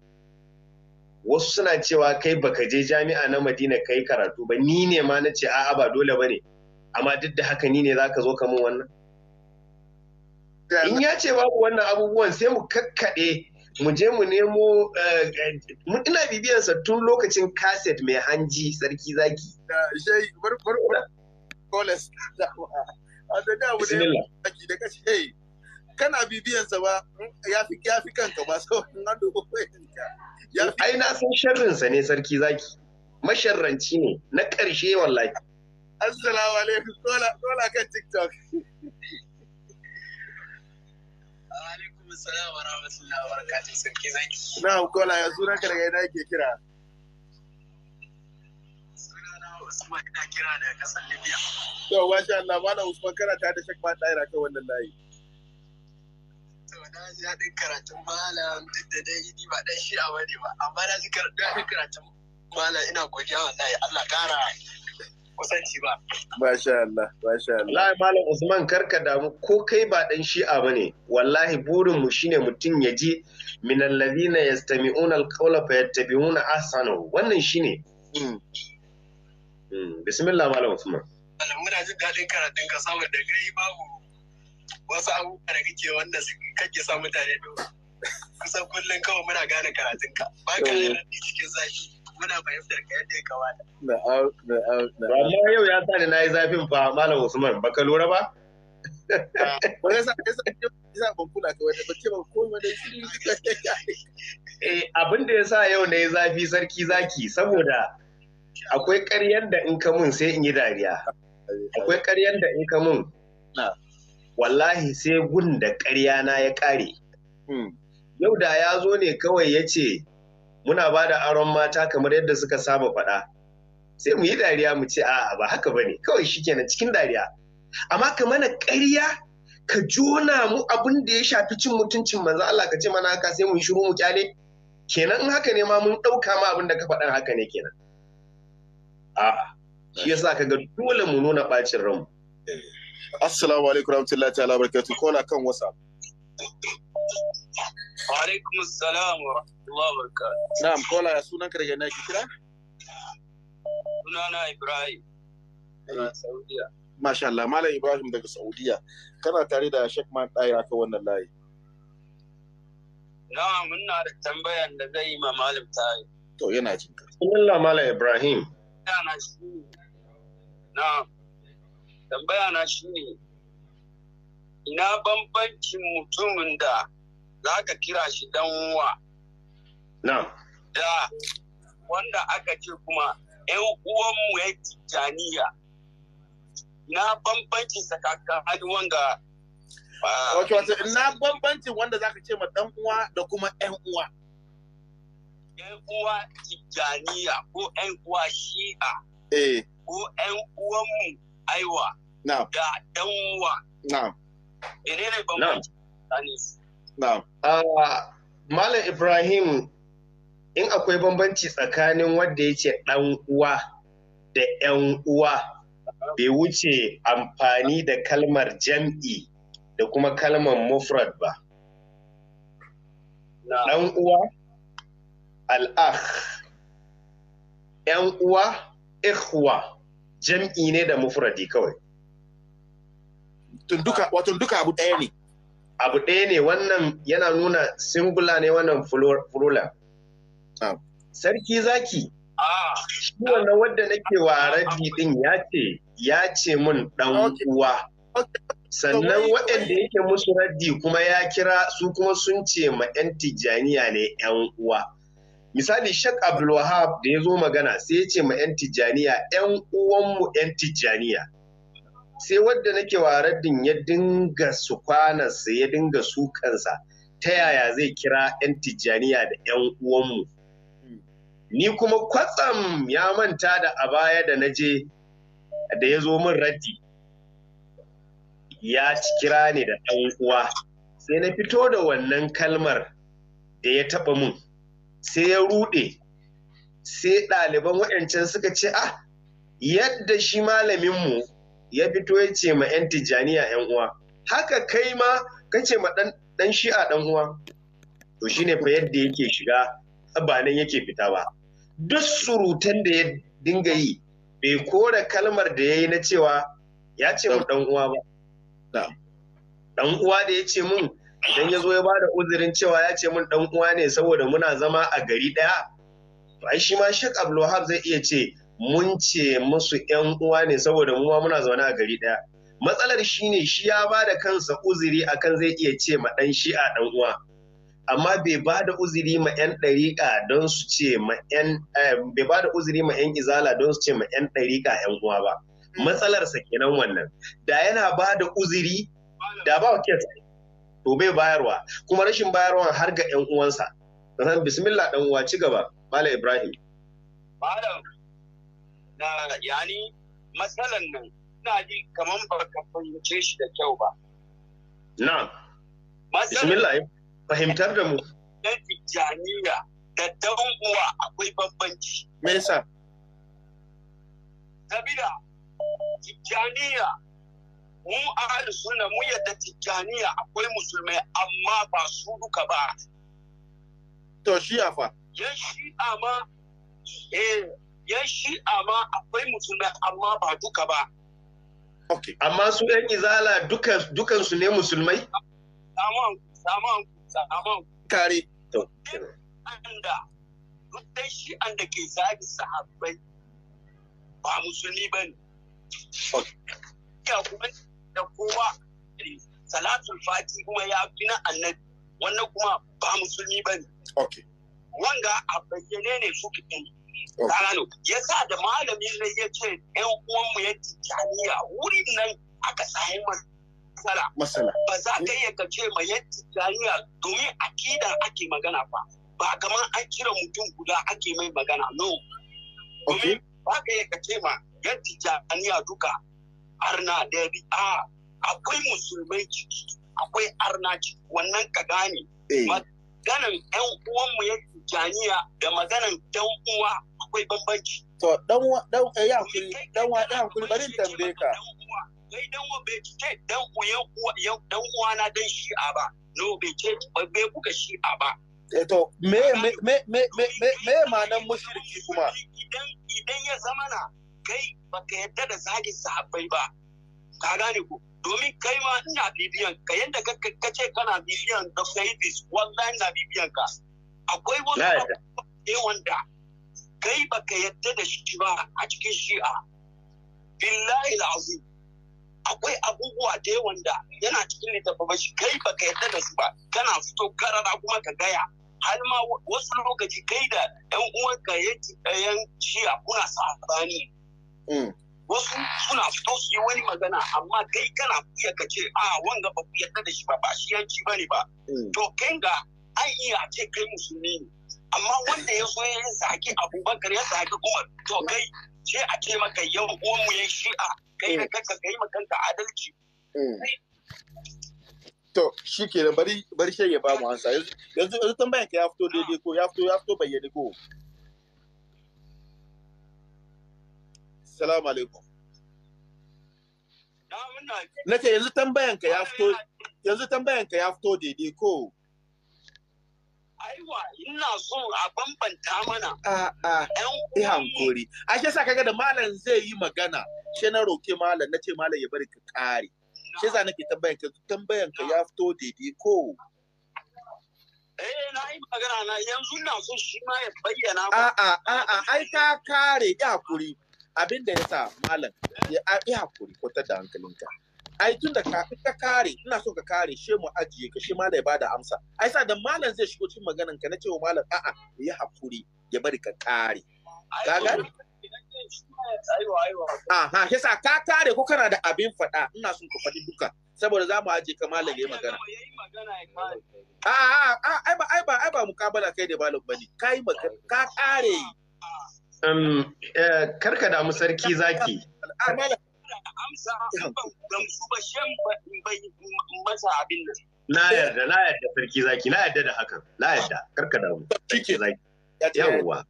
[SPEAKER 2] wasu suna cewa kai baka je jami'a na madina kai karatu ba ni ne ma na ce a'a ba dole ba ne amma duk da haka ni ne za ka zo ka wannan in ya ce babu wannan abubuwan sai mu kakkaɗe mu je mu nemo eh, ina bibiyansa tun lokacin kaset mai hanji sarki zaki
[SPEAKER 3] kana bibiyansa ba ya fi ya fi kanka ba so
[SPEAKER 2] na dogo ya ai na san sharrinsa ne sarki zaki masharranci ne na ƙarshe wallahi assalamu alaikum dola dola kan tiktok
[SPEAKER 1] Assalamu warahmatullahi wabarakatuh sarki zaki.
[SPEAKER 3] Na kola ya suna ka daga ina yake kira? Sunana Usman ina kira daga kasar Libya. To masha Allah malam Usman kana tare da Sheikh Fat Daira kan wannan layi.
[SPEAKER 1] To na ji daɗin karatun malam duk da dai ni ba shi a wani ba amma na ji daɗin karatun malam ina godiya wallahi Allah ƙara kusanci ba.
[SPEAKER 2] Masha Allah, masha Allah. Lai Malam Usman karka damu ko kai ba dan shi'a ba ne, wallahi burinmu shine mutum ya ji ya stami unal alqawla fa yattabi'una asano Wannan ne. Hmm. Hmm. Bismillah Malam Usman. Muna jin daɗin karatun ka samun
[SPEAKER 1] da kai babu wasu abubuwa da kake wanda kake sa mutane do. Kusan kullum kawai muna gane karatun ka. Ba ka cikin zafi. muna fahimtar ka yadda ya kamata.
[SPEAKER 2] Wallahi yau ya sa ni na yi zafin fa Malam Usman baka lura ba? Ah. Wani yasa yasa yasa ban kula ka wani ba ce ban komai da shi. Eh abin da yasa yau na yi zafi sarki zaki saboda akwai ƙaryar da in ka mun sai in yi dariya. Akwai ƙaryar da in ka mun. Wallahi sai gun da ƙarya na ya ƙare. Hmm. Yau da ya zo ne kawai ya ce muna ba da aron mata kamar yadda suka saba faɗa sai mu yi dariya mu ce a'a ba haka ba ne kawai shi kenan cikin dariya amma ka mana ƙarya ka jona mu abin da ya shafi cin mutuncin manzo Allah ka ce mana haka sai mu shiru mu kyale kenan in haka ne ma mun ɗauka ma abin da ka faɗa haka ne kenan a'a shi yasa ka ga dole mu nuna ɓacin ranmu eh. assalamu
[SPEAKER 3] alaikum warahmatullahi ta'ala barakatuh na kan whatsapp
[SPEAKER 1] Wa alaikum assalam wa rahmatullahi wa barakatuh.
[SPEAKER 3] Na'am, kola ya sunan ka daga naki kira?
[SPEAKER 1] Sunana Ibrahim. Daga Saudiya.
[SPEAKER 3] Masha Allah, Malam Ibrahim daga Saudiya. Kana tare da Sheikh Man Daya aka wannan layi.
[SPEAKER 1] Na'am, ina da tambayan da zai yi ma Malam Tayi.
[SPEAKER 2] To yana jin ka. Bismillah Malam Ibrahim.
[SPEAKER 1] Yana shi. Na'am. Tambaya na shi ne, ina bambancin mutumin da za ka kira shi dan wa da wanda aka ce kuma yan uwanmu ya tijjaniya na bambanci tsakanin wanga Wato wato
[SPEAKER 3] na bambanci wanda za ka ce ma dan uwa da kuma ƴan
[SPEAKER 1] uwa. ƴan uwa tijjaniya ko ƴan uwa shi'a. Eh. Ko ƴan uwanmu aiwa. Na. Da dan uwa. Na. ne bambanci? Na. Malam
[SPEAKER 2] Ibrahim in akwai bambanci tsakanin wanda ya ce ɗan uwa da ‘yan uwa bai wuce amfani da kalmar jam'i da kuma kalmar mufrad ba. Ɗan uwa al'ah, ‘yan uwa ikhwa jam'i ne da mufradi kawai. Tunduka, wato duka abu ɗaya ne. abu ɗaya ne wannan yana nuna singular ne wannan plural. Ah. Sarki zaki, ah. shi wannan wadda nake wa rabi ɗin ya ce, ya ce mun ɗan uwa. Sannan waɗanda yake musu raddi kuma ya kira su kuma sun ce ma 'yan tijjaniya ne 'yan uwa. Misali Shek Abdulwahab da ya zo magana sai ya ce ma 'yan tijjaniya 'yan uwanmu 'yan tijjaniya. sai wadda nake wa raddin ya dinga su kwanarsa ya dinga su kansa ta yaya zai kira 'yan tijjaniya da 'yan uwanmu ni kuma kwatsam ya manta da a baya da na je da ya zo min raddi ya ci kira ne da ɗan uwa sai na fito da wannan kalmar da ya taɓa mun sai ya ruɗe sai ɗaliban waɗancan suka ce ah yadda shi malaminmu ya fito ya ce ma 'yan tijjaniya 'yan uwa haka kai ma kace ma dan shi'a dan uwa to shine fa yadda yake shiga ba nan yake fita ba duk surutan da ya dinga yi bai kora kalmar da ya yi na cewa ya ce mu dan uwa ba dan uwa da ya ce mun idan ya zo ya bada uzurin cewa ya ce mun dan uwa ne saboda muna zama a gari daya Ba ai shi ma Sheikh Abdulwahab zai iya ce mun ce musu ‘yan uwa ne saboda muwa muna zaune a gari ɗaya. Matsalar shi ne shi ya ba da kansa uzuri akan zai iya ce ma ɗan a ɗan uwa. Amma bai ba da uziri ma ‘yan ɗariƙa don su ce ma ‘yan eh, bai ba da uzuri ma ‘yan izala don su ce ma ‘yan ɗariƙa ‘yan uwa ba. Matsalarsa kenan wannan. Da yana ba da uzuri da ba kes to bai bayarwa kuma rashin bayarwa har ga ‘yan uwansa. Bismillah ɗan uwa ci gaba. Malam Ibrahim.
[SPEAKER 1] na yani matsalan nan ina ji kamar ba ka fahimce shi da kyau ba na bismillah
[SPEAKER 2] fahimtar da mu
[SPEAKER 1] na tijjaniya da uwa akwai bambanci me yasa sabida tijjaniya mu ahli suna mu yadda tijjaniya akwai musulmai amma ba su duka ba
[SPEAKER 3] to shi afa
[SPEAKER 1] yan shi ma eh yan shi'a
[SPEAKER 3] ma akwai musulmai amma ba duka ba okay amma su yan izala dukan
[SPEAKER 2] dukan su ne musulmai
[SPEAKER 1] saman saman saman kare to anda duk dai shi'an da ke zagi sahabbai ba musulmi ba bane ya kuma da kowa salatul fati kuma ya fi na annabi wannan kuma ba musulmi bane okay wanga a bayyane ne su fitin Oh. Karano, ya sa da malami na ya ce ‘yan uwanmu ya tijjaniya wurin nan aka sami masala, Ba za ka iya ka ce ma ya tijjaniya domin akida ake magana fa. Ba kamar an kira mutum guda ake mai magana no. Domin ba ka iya ka ce ma ya tijjaniya duka arna da a akwai musulmai ciki akwai arna ciki wannan ka gane. Eh. Maganan ‘yan uwanmu ya tijjaniya da maganan ‘yan uwa akwai bambanci. To dan dan
[SPEAKER 3] ya hankuri dan wa dan bari tambaye ka. Kai dan wa
[SPEAKER 1] bai ce dan uwa dan dan shi'a ba. No bai ce bai kuka shi'a ba. Eh to me me me me me me mushriki kuma. Idan idan ya zamana kai baka yadda da zagin sahabbai ba. Ka gane ko? domin kai ma ina bibiyan ka yadda ka ce kana bibiyan da kai bis wallahi na bibiyan ka akwai wasu abubuwa wanda kai baka yadda da shi ba a cikin shi'a billahi azim akwai abubuwa da yawan da yana cikin littattafai shi kai baka yadda da su ba kana fito karara kuma ka gaya har ma wasu lokaci kai da yan uwanka ɗayan eh, shi'a kuna sabani mm. wasu suna fito su yi wani magana amma kai kana kuya ka ce a wanga ba ku yadda da shi ba ba shi yanci ba ne ba mm. to kai ga an iya ce kai musulmi ne amma wanda ya zo ya zaki abubakar ya zaki umar to kai ce a ce maka yan uwanmu ya shi'a kai da mm. kanka kai ma kanka adalci mm.
[SPEAKER 3] to shi ke nan bari bari shi ya ba mu hansa yanzu yanzu tambayar ka ya fito daidai ko ya fito ya fito bayyane ko salamu alaikum na ce yanzu tambayan ka ya fito yanzu tambayan ka ya fito daidai ko
[SPEAKER 1] aiwa ina so a bambanta mana
[SPEAKER 3] a'a yan hankuri
[SPEAKER 1] a shi yasa ga da
[SPEAKER 3] malam zai yi magana shi na roke malam na ce malam ya bari ka kare shi yasa nake tambayan ka tambayan ka ya fito daidai ko
[SPEAKER 1] Eh na yi magana na yanzu na so shi ma ya bayyana
[SPEAKER 3] a'a a'a ai ka kare ya hakuri abin da yasa malam ya hakuri ta da hankalinka ai tun da kafin ka kare ina so ka kare she mu ajiye ka she malam ya bada amsa ai sa da malam zai shigo cikin maganan ka na cewa malam a'a yi hakuri ya bari ka kare
[SPEAKER 1] ka ha
[SPEAKER 3] Aha, sa ka kare ko kana da abin faɗa ina son ku faɗi duka saboda za mu ajiye ka malam ya magana. A'a, ai ba ai ba ai ba mukabala kai da malam bane. Kai magana ka kare. Um, eh, karka
[SPEAKER 2] damu sarki zaki.
[SPEAKER 1] Malam da amsa ban gamsu ba bai masa abin da
[SPEAKER 2] Na yarda, na yarda sarki zaki, na yarda da hakan, na yarda, karka da mu. kike zaki. yawa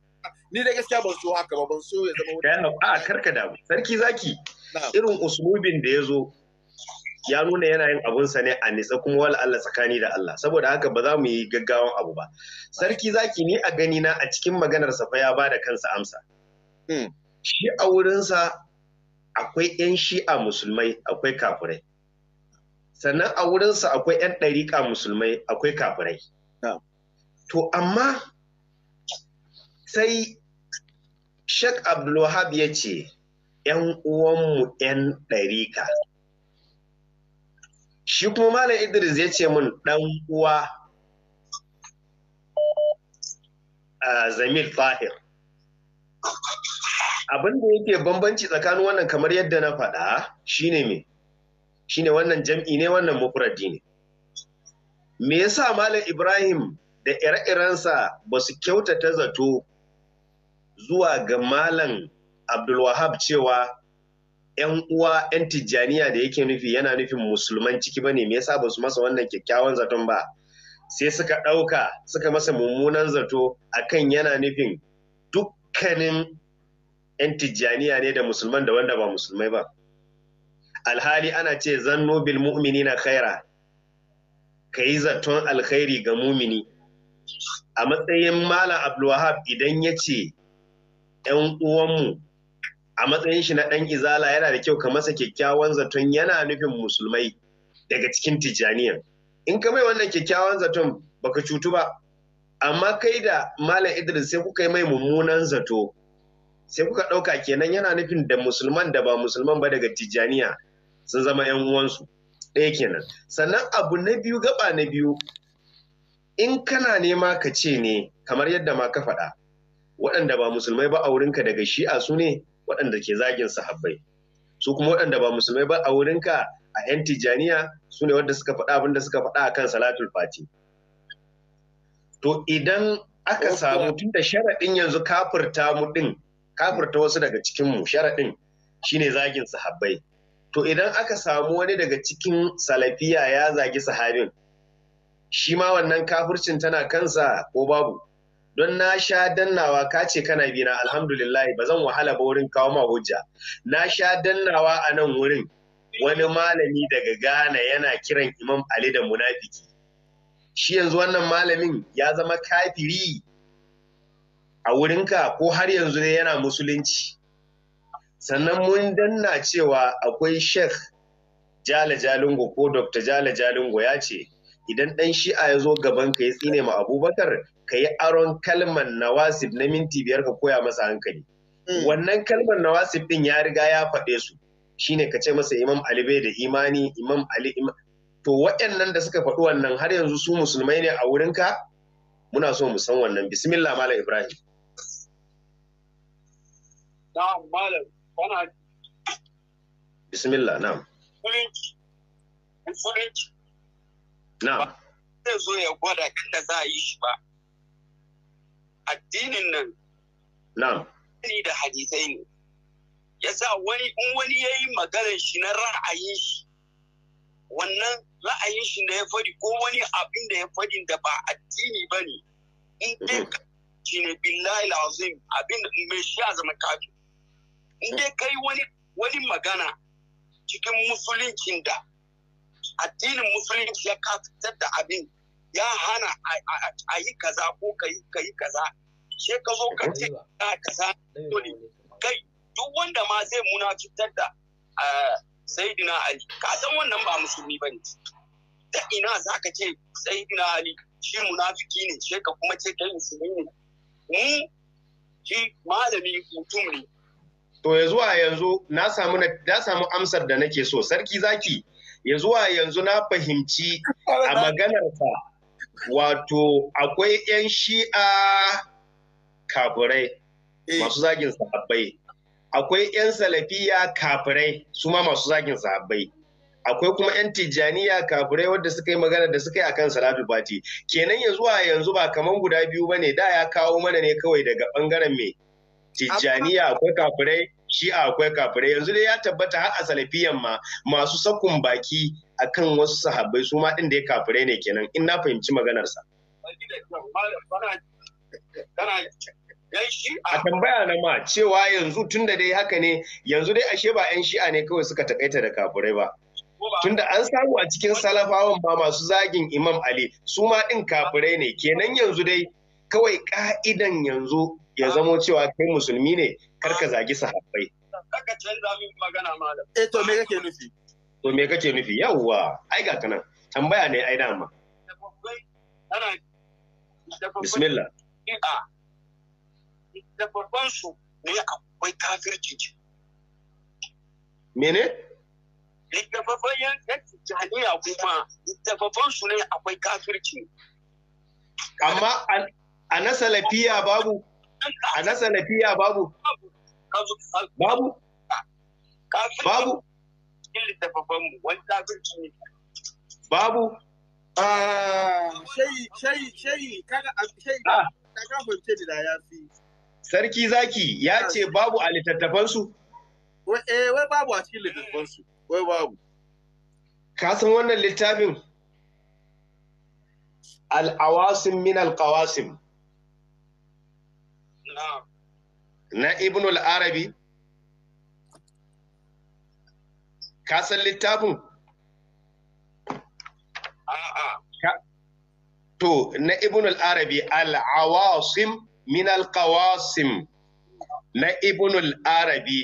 [SPEAKER 3] Ni da gaskiya ban so haka ba, ban so ya zama wani.
[SPEAKER 2] A karka da mu. Sarki zaki, irin uslubin da ya zo ya nuna yana yin abun sa ne a nitsa kuma wala Allah tsakani da Allah saboda haka ba za mu yi gaggawan abu ba sarki zaki ni a gani na a cikin maganar sa fa ya bada kansa amsa hmm. shi a wurinsa akwai 'yan shi'a musulmai akwai kafirai sannan a wurinsa akwai 'yan ɗariƙa musulmai akwai kafirai to amma sai Sheikh Abdulwahab ya ce, ‘yan uwanmu ‘yan ɗariƙa Shi kuma Malam Idris ya ce min ɗan uwa a ah, Zamir Fahir. abin da yake bambanci tsakanin wannan kamar yadda na faɗa shine me shine wannan jam'i ne wannan mufradi ne me yasa malam ibrahim da ire-irensa ba su kyautata zato zuwa ga malam abdulwahab cewa ‘yan uwa ‘yan tijjaniya da yake nufi yana nufin musulman ciki ba ne, me yasa ba su masa wannan kyakkyawan zaton ba, sai suka ɗauka suka masa mummunan zato akan yana nufin dukkanin 'yan tijjaniya ne da musulman da wanda ba musulmai ba alhali ana ce zan bil mu'mini na kaira ka yi zaton alkhairi ga mumini a matsayin malam abdulwahab idan ya ce 'yan uwanmu a matsayin shi na ɗan izala yana da kyau ka masa kyakkyawan zaton yana nufin musulmai daga cikin tijjaniya in ka mai wannan kyakkyawan zaton baka cutu ba amma kai da malam idris sai kuka yi mai mummunan zato sai kuka ɗauka kenan yana nufin da musulman da ba musulman ba daga tijjaniya sun zama 'yan uwansu ɗaya kenan sannan abu na biyu gaba na biyu in kana nema ka ce ne kamar yadda ma ka faɗa waɗanda ba musulmai ba a wurinka daga shi'a su ne waɗanda ke zagin sahabbai su kuma waɗanda ba musulmai ba a wurinka a 'yan tijjaniya su ne wanda suka faɗa abinda suka faɗa akan salatul fati to idan aka samu tun da sharaɗin yanzu kafirta mu ɗin kafirta wasu daga cikin mu sharaɗin shine zagin sahabbai to idan aka samu wani daga cikin salafiya ya zagi sahabin shi ma wannan kafircin tana kansa ko babu don na sha dannawa ka ce kana bi na alhamdulillah ba zan wahala ba wurin kawo ma hujja na sha dannawa a nan wurin wani malami daga Ghana yana kiran Imam Ali da munafiki shi yanzu wannan malamin ya zama kafiri a wurinka ko har yanzu ne yana musulunci sannan mun danna cewa akwai sheikh jala jalingo ko dr jala jalingo ya ce idan ɗan shi'a ya zo gaban ka ya tsine ma abubakar ka yi aron kalman nawasib na minti biyar ka koya masa hankali hmm. wannan kalman nawasib ɗin ya riga ya faɗe su shine ka ce masa imam ali bai da imani imam ali to waɗannan da suka faɗi wannan har yanzu su musulmai ne a wurinka muna so mu san wannan bismillah malam ibrahim
[SPEAKER 1] na'am malam kana
[SPEAKER 2] bismillah na'am
[SPEAKER 1] musulunci na'am zai zo ya gwada inda za a yi shi ba addinin nan na'am ni da hadisai ne yasa wani in wani ya yi maganar shi na ra'ayin shi wannan ra'ayin shi da ya fadi ko wani abin da ya fadi da ba addini ba ne in dai mm-hmm. shi ne billahi lazim abin mai shi a zama kafin in dai kai wani wani magana cikin musuluncin da addinin musulunci ya kafitar da abin ya hana a yi kaza ko ka yi kaza sai ka zo ka ce ka kaza dole kai duk wanda ma zai munafitar da sayidina ali ka san wannan ba musulmi bane ta ina za ka ce sayidina ali shi munafiki ne sai ka kuma ce kai musulmi ne mu shi malami mutum ne
[SPEAKER 2] to ya zuwa yanzu na samu na samu amsar da nake so sarki zaki ya zuwa yanzu na fahimci a maganarsa wato akwai 'yan shi'a kafirai eh. masu zagin sahabbai akwai 'yan salafiya kafirai su ma masu zagin sahabbai akwai kuma 'yan tijjaniya kafirai wadda suka yi magana da suka yi akan salatu fati kenan ya zuwa yanzu ba kaman guda biyu bane da ya kawo mana ne kawai daga bangaren me tijjaniya akwai kafirai shi'a akwai kafirai yanzu dai ya tabbata har a salafiyan ma masu sakun baki akan wasu sahabbai su ma din da ya kafirai ne kenan in na fahimci maganarsa. A tambaya na ma cewa yanzu tun da dai haka ne yanzu dai ashe ba 'yan shi'a ne kawai suka takaita da kafirai ba. Tunda an samu a cikin salafawan ba masu zagin Imam Ali su ma ɗin kafirai ne kenan yanzu dai kawai ƙa'idan yanzu ya zamo cewa kai musulmi ne karka zagi sahabbai kaka canza min magana malam eh to me kake nufi to me kake nufi yawwa ai ga kana tambaya ne ai dama bismillah
[SPEAKER 1] da babban su ne akwai kafirci mene littafafan yankin jahiliya kuma littafafan su ne akwai kafirci amma a nasa salafiya babu a na salafiya babu babu babu babu
[SPEAKER 2] Sarki zaki ya ce ah. babu a littattafansu? Eh, wai babu a cikin littattafansu, wai babu. kasan wannan littafin? Al'awasin min al'awasin na ibn al-arabi ka san littafin to na ibn al-arabi al-awasim min al-qawasim na ibn al-arabi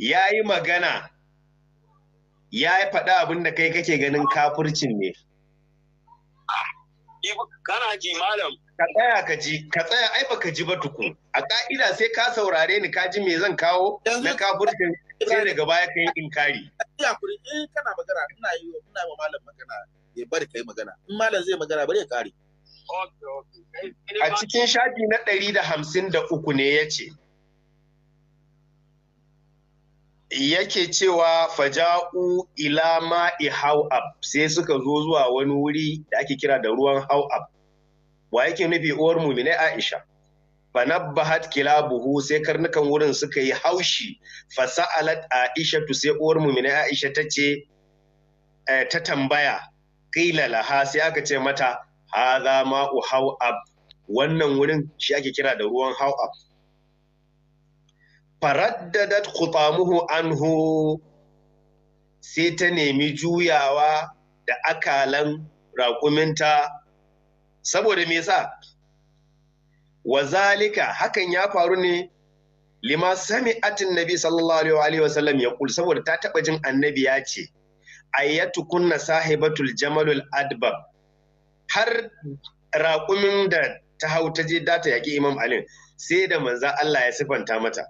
[SPEAKER 2] ya yi magana ya yi faɗa abin da kai kake ganin kafurcin ne kana ji malam ka tsaya ka ji ka tsaya ai baka ji ba tukun a ka'ida sai ka saurare ni ka ji me zan kawo na ka burge sai daga baya ka yi inkari
[SPEAKER 1] ya kuri in kana magana ina yi ina ma malam magana
[SPEAKER 2] ya bari kai magana in malam zai magana bari ya kare a cikin shafi na ɗari da hamsin da uku ne ya ce yake cewa faja'u ila ma'i hau'ab sai suka zo zuwa wani wuri da ake kira da ruwan hau'ab wa yake nufi uwar muminai Aisha fanabbahat kilabuhu sai karnukan wurin suka yi haushi sa'alat Aisha tu sai uwar muminai Aisha ta ce eh, ta tambaya qila laha sai aka ce mata hadha hau ab wannan wurin shi ake kira da ruwan ab faraddadat khutamuhu anhu sai ta nemi juyawa da akalan raƙuminta saboda me yasa wazalika hakan ya faru ne lima atin nabi sallallahu alaihi wasallam ya kul saboda ta taba jin annabi ya ce ayyatu kunna sahibatul jamalul adbab har raƙumin da ta hau ta je data yaƙi imam ali sai da manza Allah ya sifanta mata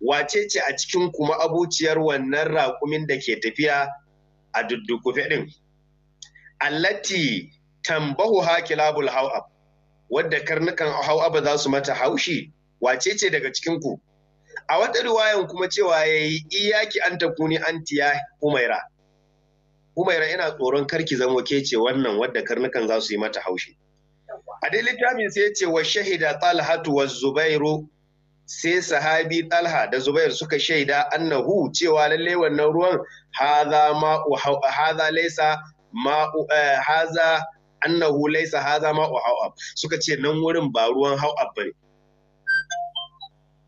[SPEAKER 2] wace ce a cikin kuma abuciyar wannan raƙumin da ke tafiya a duddukufe din allati tambahu ha kilabul hawab wadda karnukan hawaba za su mata haushi wace ce daga cikin ku a wata riwayan kuma cewa yayi iyaki an takuni antiya umaira umaira ina tsoron karki zama ke ce wannan wadda karnukan za su yi mata haushi a dai littafin sai ce wa shahida talhatu wa zubairu sai sahabi talha da zubair suka shaida annahu cewa lalle wannan ruwan haza ma'u haza laisa ma'u eh, haza annahu laysa hadha ma'u hawab suka ce nan wurin ba ruwan hawab bane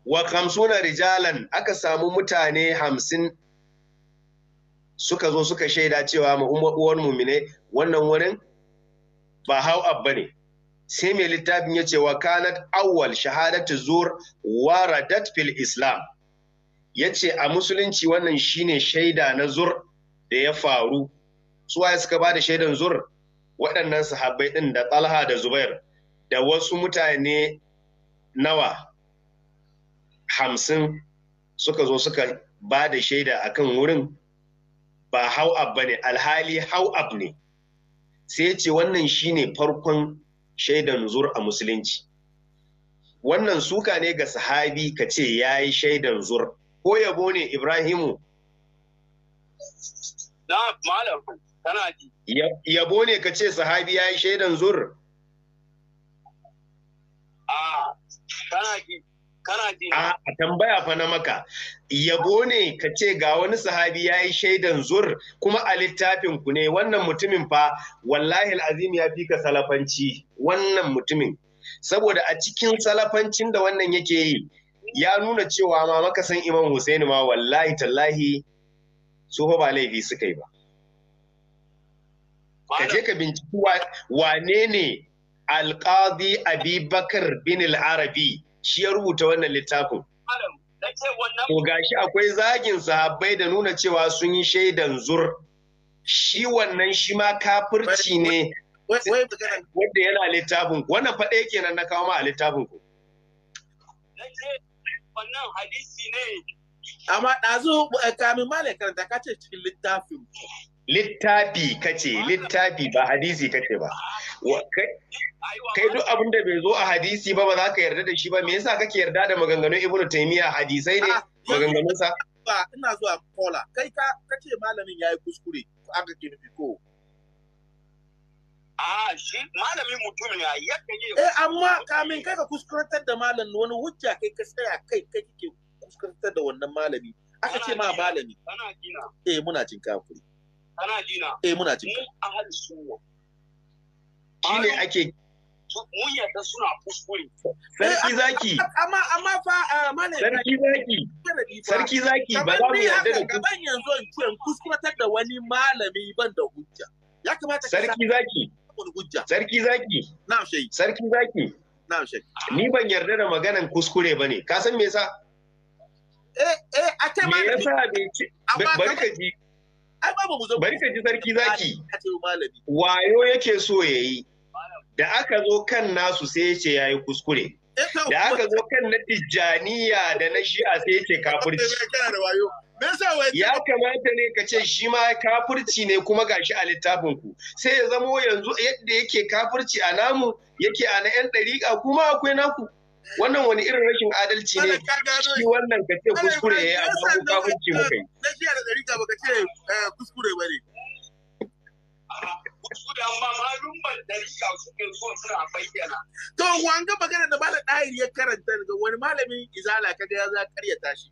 [SPEAKER 2] wa khamsuna rijalan aka samu mutane hamsin suka zo suka shaida cewa mu uwar mumine wannan wurin ba hawab bane sai mai littafin ya ce wa kanat awwal shahadatu zur waradat fil islam ya ce a musulunci wannan shine shaida na zur da ya faru suwaye suka ba da shaidan zur waɗannan sahabbai ɗin da Talha da Zubair da wasu mutane nawa hamsin suka zo suka ba da shaida a kan wurin ba hau'ab ba ne alhali ab ne sai ce wannan shine farkon shaidan zur a musulunci wannan suka ne ga sahabi ka ce ya yi shaidan zur ko yabo ne ibrahimu Na yabo ne ka ce sahabi ya yi shaidan zur
[SPEAKER 1] a a
[SPEAKER 2] tambaya fa na maka yabo ne ka ce ga wani sahabi ya yi shaidan zur kuma a littafinku ne wannan mutumin fa wallahi alazim ya fi ka salafanci wannan mutumin saboda a cikin salafancin da wannan yake yi ya nuna cewa ma makasan imam Hussaini ma wallahi tallahi su ba laifi suka yi ba ka je ka binciki wane ne alqadi abubakar bin al'arabi arabi shi ya rubuta wannan littafin to gashi akwai zagin sahabbai da nuna cewa sun yi shaidan zur shi wannan shi ma kafirci ne wanda yana littafin wannan fa ɗaya kenan na kawo ma a littafin ku
[SPEAKER 1] wannan hadisi
[SPEAKER 3] ne amma ɗazu eh, kamin malam da ka ce cikin littafin
[SPEAKER 2] littafi kace littafi ba hadisi kace ba kai duk abin da bai zo a hadisi ba ba za ka yarda da shi ba me yasa kake yarda da maganganun ibnu taymiya hadisai ne maganganun sa
[SPEAKER 3] ba ina zuwa kola kai ka kace malamin yayi kuskure
[SPEAKER 1] aka ke nufi ko a shi malami mutum ne yake ne eh amma
[SPEAKER 3] kamin kai ka kuskurantar da malamin wani hujja kai ka tsaya kai kai kike kuskurantar da wannan malami aka ce ma malami eh muna jin kafuri. kana
[SPEAKER 2] jina
[SPEAKER 1] eh muna mu ahli sunna
[SPEAKER 2] shine ake
[SPEAKER 1] yadda suna kuskure sarki zaki eh, amma amma fa eh, sarki zaki sarki zaki ba za mu yarda da gaban yanzu
[SPEAKER 3] in da wani malami
[SPEAKER 2] ban da hujja ya kamata sarki zaki sarki zaki na'am sarki zaki na'am ni ban yarda da maganan kuskure bane ka san me yasa eh eh a ta malami me yasa bai bari ka ji ai ji sarki zaki wayo yake so yayi da aka zo kan nasu sai ya ce yayi kuskure eh, da aka zo kan na tijjaniya da na shi'a sai ya ce kafirci ya kamata ne ka ce shi ma kafirci ne kuma gashi a littafin ku sai ya zamo yanzu yadda yake kafurci a namu yake a na yan dariƙa kuma akwai naku wannan wani irin rashin adalci ne shi wannan ka
[SPEAKER 1] ce kuskure ya yi a ko kafirci muka na jiya da ɗari gaba ka ce eh, kuskure ba ne kuskure amma malumman ɗariƙa suke so suna bayyana
[SPEAKER 3] to wanga magana da malam ɗahiri ya karanta daga wani malamin izala kaga ya za karyata shi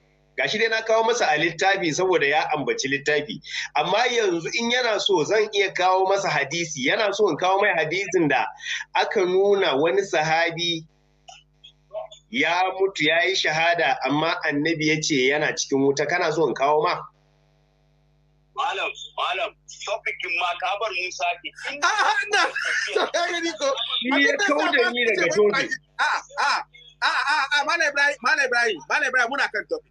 [SPEAKER 2] gashi dai na kawo masa a littafi saboda ya ambaci littafi amma yanzu in yana so zan iya kawo masa hadisi yana so in kawo mai hadisin da aka nuna wani sahabi ya mutu ya yi shahada amma annabi ya ce yana cikin wuta kana so in kawo ma
[SPEAKER 1] malam malam topikin ma kabar mun sake ah, ah, ni ya kauda ni daga A'a, a a a a A'a, a'a, malam ibrahim malam ibrahim muna kan topic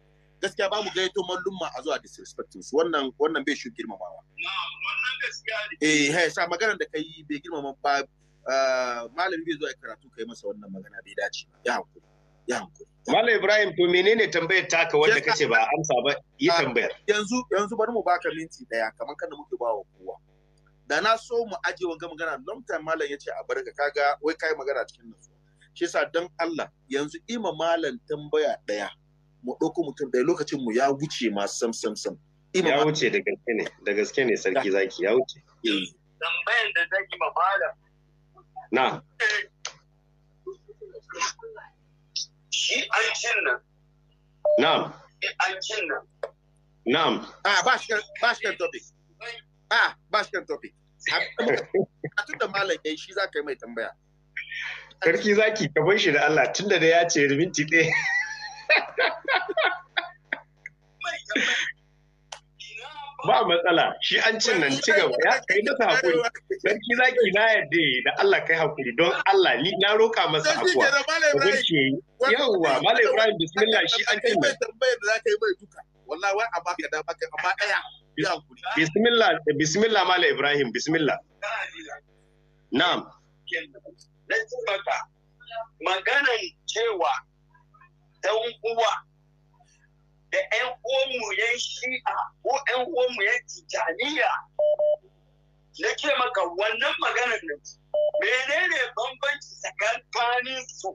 [SPEAKER 3] gaskiya ba mu yato mallumma a zuwa disrespecting su wannan wannan bai shi girmamawa
[SPEAKER 1] wannan
[SPEAKER 3] gaskiya eh hey sa maganar da kai bai girmama ba ah, malami bai zo ya
[SPEAKER 2] karatu kai masa wannan magana bai dace ya hankuri ya hankuri Malam Ibrahim to menene tambayar taka wanda kace ba amsa ba yi ah, tambayar yanzu yanzu bari mu baka minti daya kamar kan muke ba
[SPEAKER 3] wa kowa da na so mu aje wanga magana long time malam yace a barka kaga wai kai magana cikin nan. shi yasa dan Allah yanzu ima malam tambaya daya mu ɗauko
[SPEAKER 2] mutum ɗaya lokacin mu ya wuce ma sam sam sam. Ya wuce da gaske ne, da gaske ne sarki zaki ya wuce. Eh.
[SPEAKER 1] Tambayan da zaki ma malam. Na. Shi an cin
[SPEAKER 2] nan.
[SPEAKER 3] Shi An cin nan. Na. Ah ba shi ba shi kan topic. Ah ba shi kan topic. A da malam yayi shi za ka yi mai tambaya.
[SPEAKER 2] Sarki zaki ka bar shi da Allah tunda da ya ce minti ɗaya. ba matsala shi an cin nan ci gaba ya kai da hakuri sarki ki na yadda da Allah kai hakuri don Allah ni na roka masa afuwa don ke yawwa malai Ibrahim bismillah shi an cin nan
[SPEAKER 3] wallahi wai a baka da baka amma
[SPEAKER 2] bismillah eh, bismillah malai Ibrahim bismillah na'am
[SPEAKER 1] dan maka maganan cewa dan uwa da ƴan uwanmu yan shi'a ko ƴan uwanmu yan tijaniya na ce maka wannan maganar nan menene bambanci tsakanin su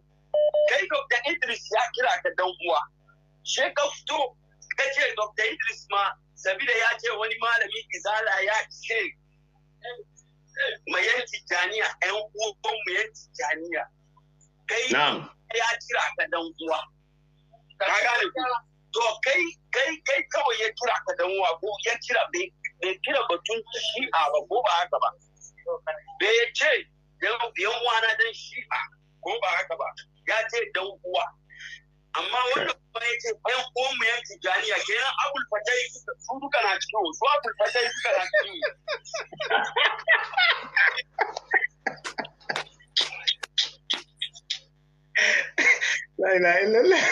[SPEAKER 1] kai dr idris ya kira ka dan uwa she ka fito ka ce dr idris ma sabida ya ce wani malami izala ya ce mayan tijaniya yan uwan mayan tijaniya kai ya kira ka dan uwa ka to kai kai kai kawai ya kira ka dan uwa ko ya kira bai kira batun shi'a ba ko ba haka ba bai ce yan na dan shi'a ko ba haka ba ya ce dan uwa amma wanda kuma ya ce yan uwan mu yan tijaniya kenan abul fatai su duka na cikin su abul fatai duka na cikin la ilaha illallah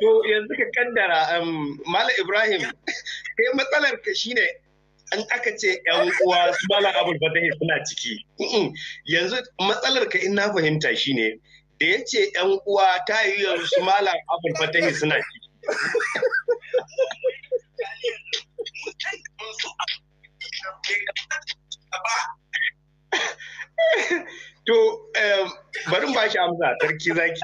[SPEAKER 2] to yanzu ka kaddara um, mala ibrahim kai matsalar ka shine an aka ce yan uwa su mala abul fatahi suna ciki yanzu matsalar ka in na fahimta shine da ya ce yan uwa ta yi yanzu su mala abul fatahi suna ciki to um, bari ba shi amsa tarki
[SPEAKER 1] zaki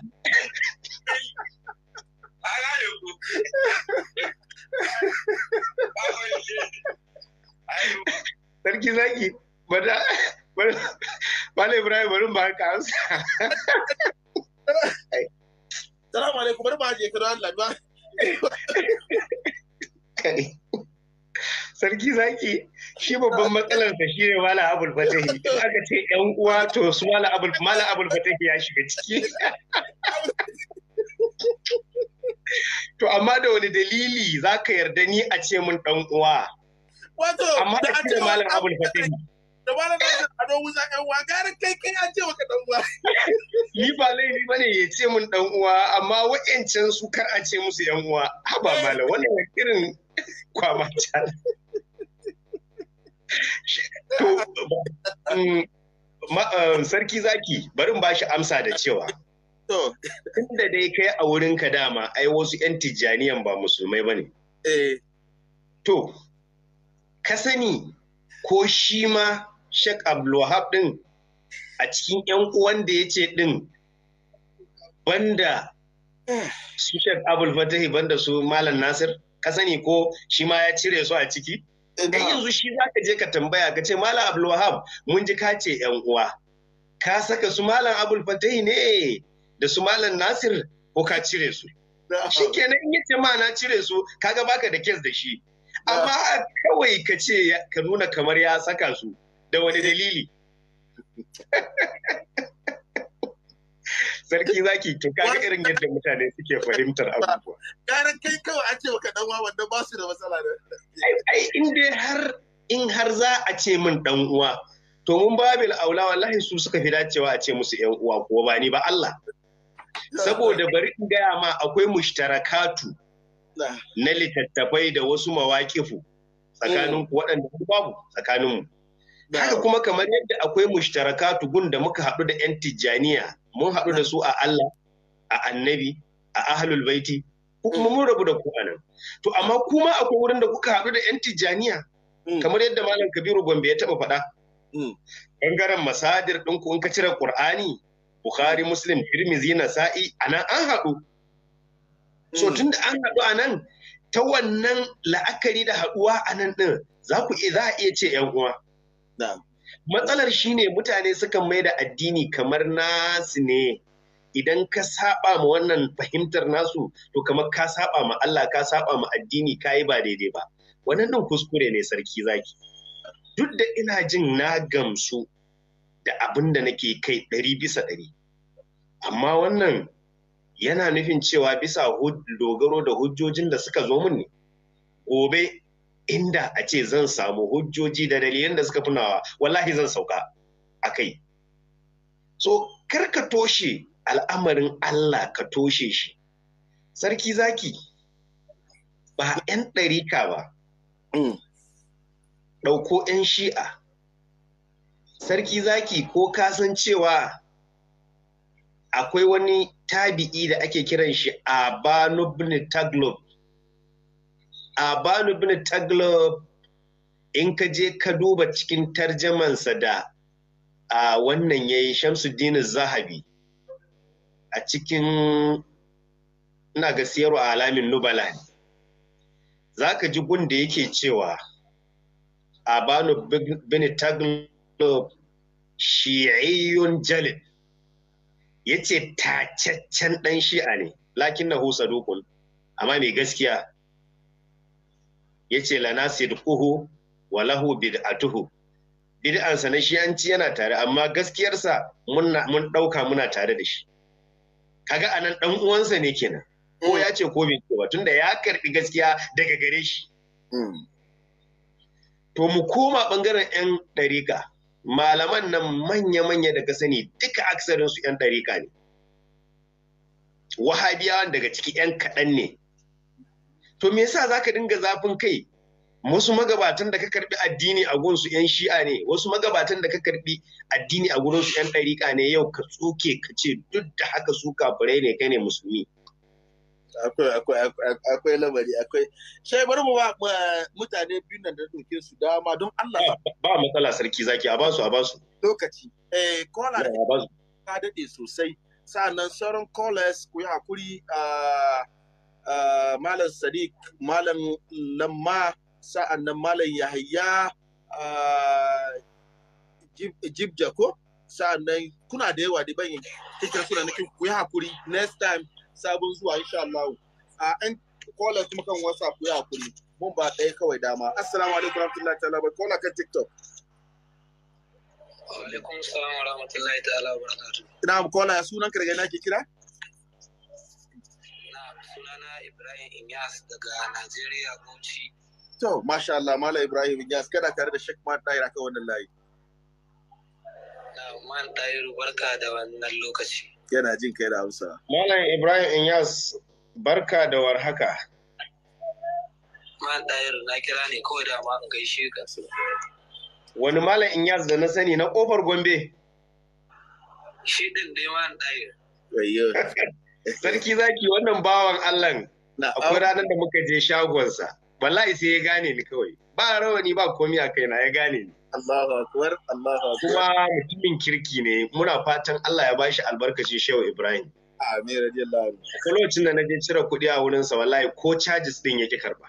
[SPEAKER 1] sarki zaki
[SPEAKER 2] bada bala ibrahim bari ba ka amsa
[SPEAKER 3] salamu alaikum bari ba je kira Allah ba
[SPEAKER 2] sarki zaki shi babban matsalar da shi ne mala abul fatahi aka ce yan uwa to su mala abul mala abul fatahi ya shiga ciki to amma da wani dalili zaka yarda ni a ce mun dan uwa
[SPEAKER 1] wato amma da ce malam
[SPEAKER 2] abul fatahi
[SPEAKER 3] da malam da Ado Musa ɗan uwa gara kai kai a ce maka dan uwa.
[SPEAKER 2] Ni ba laifi bane ya ce mun ɗan uwa amma wa'ancan su kar a ce musu ɗan uwa. Haba eh. mala wannan irin Mm, ma, um, sarki zaki barin ba shi amsa da cewa tunda dai kai a wurin ka dama ai wasu 'yan tijjaniyan ba musulmai ba ne eh. to ka sani ko shi ma Sheikh Abdulwahab din a cikin 'yan uwan da ya ce din banda hmm. su Sheikh Abul Fatahi banda su Malam Nasir? ka sani ko shi ma ya cire su a ciki eh, kai yanzu shi za ka je ka tambaya ka ce malam abdul wahab mun ji ka ce yan uwa ka saka su malam abul fatahi ne da su malam nasir ko ka cire su shi kenan in yace ma na cire su kaga baka da kes da shi amma kawai ka ce ka nuna kamar ya saka su da wani dalili sarki zaki to kaga irin yadda mutane suke fahimtar abubuwa
[SPEAKER 3] Gara kai kawai ake maka dan uwa wanda ba su da matsala da ai
[SPEAKER 2] in dai har in har za a ce min dan uwa to mun babil aula wallahi su suka fi dacewa a ce musu yan uwa ko ba ni ba Allah saboda bari in gaya ma akwai mushtarakatu na littattafai da wasu mawaƙifu tsakanin waɗanda babu tsakanin mu Haka kuma kamar yadda akwai mushtarakatu gun da muka haɗu da 'yan tijjaniya, mun haɗu da su a Allah, a annabi, a ahlul baiti, ko kuma mun rabu da ku anan. To amma kuma akwai wurin da kuka haɗu da 'yan tijjaniya, mm. kamar yadda Malam Kabiru Gombe ya taɓa faɗa. Bangaren mm. masadir ku in ka cire Kur'ani, Bukhari, Muslim, Tirmidhi, Nasa'i, anan an haɗu. So mm. tunda an haɗu anan, ta wannan la'akari da haɗuwa anan ɗin, za ku za a iya ce 'yan uwa. Matsalar shine mutane sukan mai da addini kamar nasu ne. Idan ka saba ma wannan fahimtar nasu to kamar ka saba ma Allah ka saba ma addini ka yi ba daidai ba. Wannan nan kuskure ne sarki zaki. Duk da ina jin na gamsu da abin da nake kai ɗari bisa ɗari. Amma wannan yana nufin cewa bisa dogaro da hujjojin da suka zo mun ne. Gobe inda a ce zan samu hujjoji da dalilan da suka fi nawa wallahi zan sauka a kai so kar ka toshe al'amarin Allah ka toshe shi sarki zaki ba 'yan ɗarika ba mm. ɗauko 'yan shi'a sarki zaki ko ka san cewa akwai wani tabi'i da ake kiran shi a banubni taglub a banu bin taglob in ka je ka duba cikin tarjamansa da a wannan ya yi shamsuddin zahabi a cikin ina ga siyarwa alamin nubala za ka ji gunda yake cewa a banu bin shi shi'iyyun jalil ya ce tacaccen ɗan shi'a ne lakin na husa dukun amma mai gaskiya Ya yace lana sidquhu wa lahu bid'atuhu bid'ansa na shiyanci yana tare amma gaskiyarsa mun ɗauka muna tare da shi kaga anan ɗan uwansa ne kenan ko mm. ya ce ko bai ce ba tunda ya karɓi gaskiya daga gare shi mm. to mu koma ɓangaren 'yan ɗariƙa malaman nan manya-manya daga sani duka aksarinsu 'yan ɗariƙa ne wahabiyawan daga ciki 'yan kaɗan ne to me yasa ka dinga zafin kai wasu magabatan da ka karbi addini a gunsu yan shi'a ne wasu magabatan da ka karbi addini a gurinsu yan ɗariƙa ne yau ka tsoke ka ce duk da haka su kafirai ne kai ne musulmi
[SPEAKER 3] akwai lamari akwai sai bari mu ba mutane biyu nan da doke su dama don Allah
[SPEAKER 2] ba matsala sarki zaki a basu a basu
[SPEAKER 3] lokaci eh kola ka dade sosai sa'annan sauran kolas ku yi hakuri a ah, Ah, malam sadiq malam lamma sa'an nan malam yahaya ah, jibja ko sa'an nan kuna da yawa da ban kira suna nake ku yi hakuri next time sabon zuwa insha Allah a ah, an kola kuma kan whatsapp ku yi hakuri mun ba ɗaya kawai dama assalamu alaikum rahmatullahi ta'ala ba kola kan tiktok
[SPEAKER 1] alaikum wa rahmatullahi ta'ala barakatuh
[SPEAKER 3] ina kola sunan ka daga ina ke kira
[SPEAKER 1] Ibrahim Inyas daga Najeriya Bauchi.
[SPEAKER 3] To, masha Allah, Mala Ibrahim Inyas, kana tare da Sheikh Man Tahir akan wannan layi.
[SPEAKER 1] Man Tahir, barka da wannan lokaci.
[SPEAKER 3] Yana jin kai da Hausa.
[SPEAKER 2] Malam Ibrahim Inyas, barka da warhaka.
[SPEAKER 1] Man Tahir, na kira ne kawai da ma gaishe ka.
[SPEAKER 2] Wani Malam Inyas da na sani na kofar Gombe?
[SPEAKER 1] Shi din dai Man Tahir.
[SPEAKER 2] Sarki zaki wannan bawan Allah akwai ranar da muka je shagonsa wallahi sai ya gane ni kawai ba rawani ba komi a kaina ya gane ni Allahu akbar Allahu akbar kuma mutumin kirki ne muna fatan Allah ya bashi albarkacin Shehu Ibrahim amin radiyallahu anhu lokacin da na je cire kuɗi a wurin sa wallahi ko charges din yake karba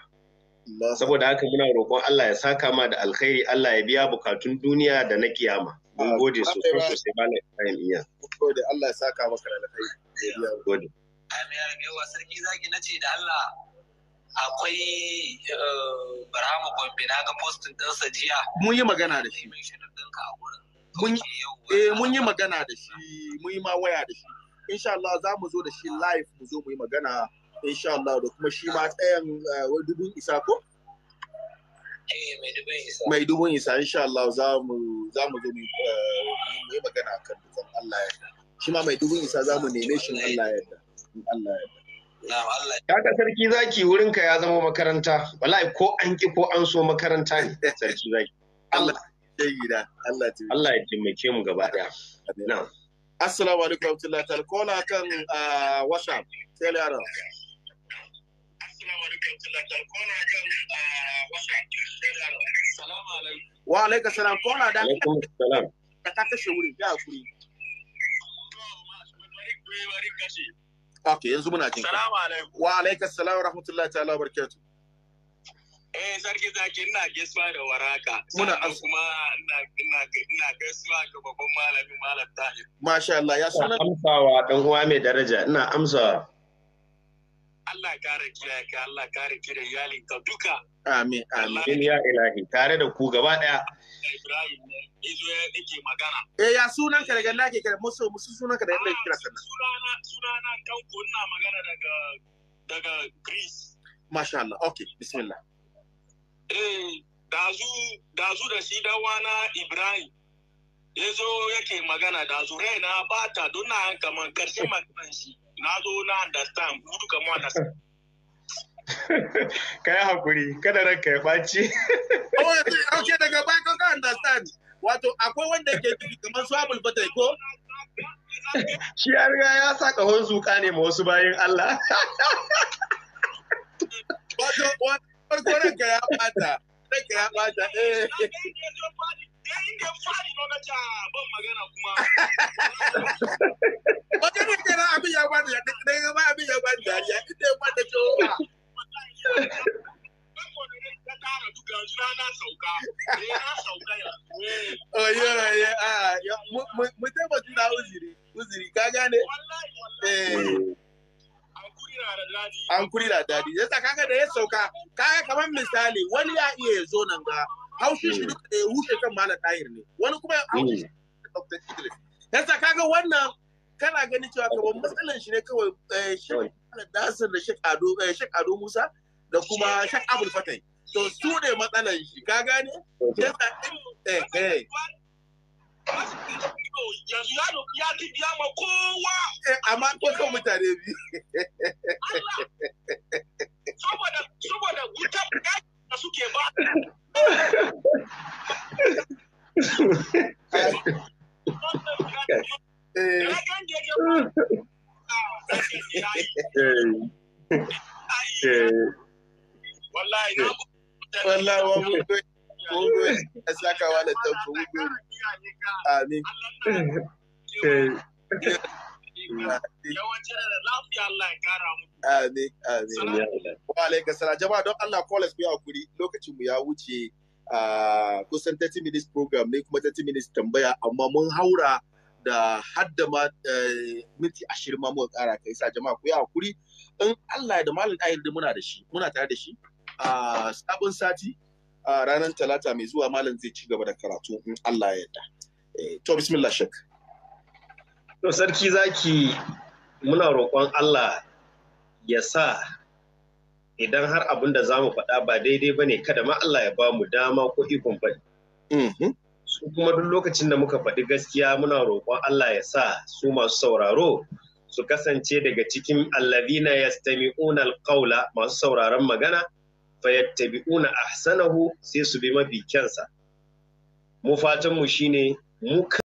[SPEAKER 2] saboda haka muna roƙon Allah ya saka ma da alkhairi Allah ya biya bukatun duniya da na
[SPEAKER 1] kiyama mun gode sosai sosai malam Ibrahim iya
[SPEAKER 3] gode Allah ya saka maka da alkhairi
[SPEAKER 1] gode amin yawa sarki zaki na ce da Allah akwai eh, Barhama Gombe na ga postin ɗinsa jiya.
[SPEAKER 3] Mun yi magana da shi. Mun yi eh, magana da shi, mun yi ma waya da shi. Insha Allah za mu zo da shi live mu zo mu yi magana insha Allah da kuma shi ma tsayan eh, dubun isa ko? Mai dubun isa insha Allah za mu zo mu yi magana kan dukkan Allah ya Shi ma mai dubun isa za mu neme shi Allah
[SPEAKER 2] ya yarda. Allah ya Kaga sarki zaki wurinka ya zama makaranta, wallahi ko an ki ko an so makaranta ne sarki zaki. Allah ya gida, Allah ya Allah ya taimake mu gaba daya. Na'am.
[SPEAKER 3] Assalamu alaikum warahmatullahi ta'ala. Ko na kan ah, WhatsApp. Sai yaran. Ah, Wa alaikum salam. Ko na da.
[SPEAKER 1] Alaikum salam.
[SPEAKER 3] Ka kashe wurin, ya kuri. Okay, yanzu muna jin. Salamu alaikum. Wa alaikas salam wa rahmatullahi ta'ala wa barakatuh. Eh sarki
[SPEAKER 1] zaki ina gaisuwa da waraka. Muna an kuma ina ina ina gaisuwa
[SPEAKER 2] ga babban malami malam Tahir. Masha Allah ya sunan amsawa dan uwa mai daraja ina amsawa. Allah kare kiyaye ka Allah kare kiyaye iyalin ka duka. Amin amin ya ilahi tare da ku gaba daya. Ibrahim
[SPEAKER 3] ya dake eh, sunan ka daga nake kira musu musu sunan ka daga nake kira sannan. Ah, sunana sunana kanko ina magana daga daga Greece. Masha Allah. Okay, bismillah.
[SPEAKER 1] Eh dazu dazu da shi dawana Ibrahim yazo yake magana dazu raina bata don na kaman karshe magana shi. Na zo na understand, ku duka understand. ka hakuri
[SPEAKER 2] kada ranka ya faci
[SPEAKER 3] Oke oh, daga baya kan ka understand wato akwai wanda ke ciki kamar su abul batai ko?
[SPEAKER 2] Shi ya riga ya sa ƙahon zuƙa ne ma wasu bayin Allah.
[SPEAKER 1] Wato wato farko ranka ya ɓata. Ranka ya ɓata eh. inda fari eh, magana kuma. Wajen da kenan abin ya bada ya
[SPEAKER 3] misali wani ya iya ya zo nan ga haushin shi hmm. duka da ya wuce kan malam tahir ne wani kuma ya hmm. haushin shi Dr. Idris. Yasa kaga wannan kana ganin cewa kamar matsalan shi ne kawai eh, Sheikh Nasir da eh, Sheikh Ado Musa da kuma Sheikh Abdul Fatai. To su ne matsalan shi ka gane? Yasa in eh eh
[SPEAKER 1] yanzu yaro ya eh, saboda da suke ba
[SPEAKER 3] eh. mun a da amin da
[SPEAKER 1] lafiya Allah ya
[SPEAKER 3] kara amin amin wa alaika salam jama'a don Allah call us ku lokacin mu ya wuce kusan 30 minutes program ne kuma 30 minutes tambaya amma mun haura da hadda ma eh, minti ashirin ma muka kara kai sa jama'a ku yi hakuri in Allah da malam ɗahir da muna da shi muna tare da shi a sabon sati ranar talata mai zuwa malam zai ci gaba da karatu in Allah ya yarda
[SPEAKER 2] eh, to bismillah shek to sarki zaki muna roƙon Allah ya sa idan har abin da za mu faɗa ba daidai ba ne kada ma Allah ya ba mu dama ko ikon fadi. Mm-hmm. Su kuma duk lokacin da muka faɗi gaskiya muna roƙon Allah ya sa su masu sauraro su kasance daga cikin allazina yastami'una alqaula masu sauraron magana fayattabi'una
[SPEAKER 1] ahsanahu sai su bi mafi kyansa mu fatan mu shine mu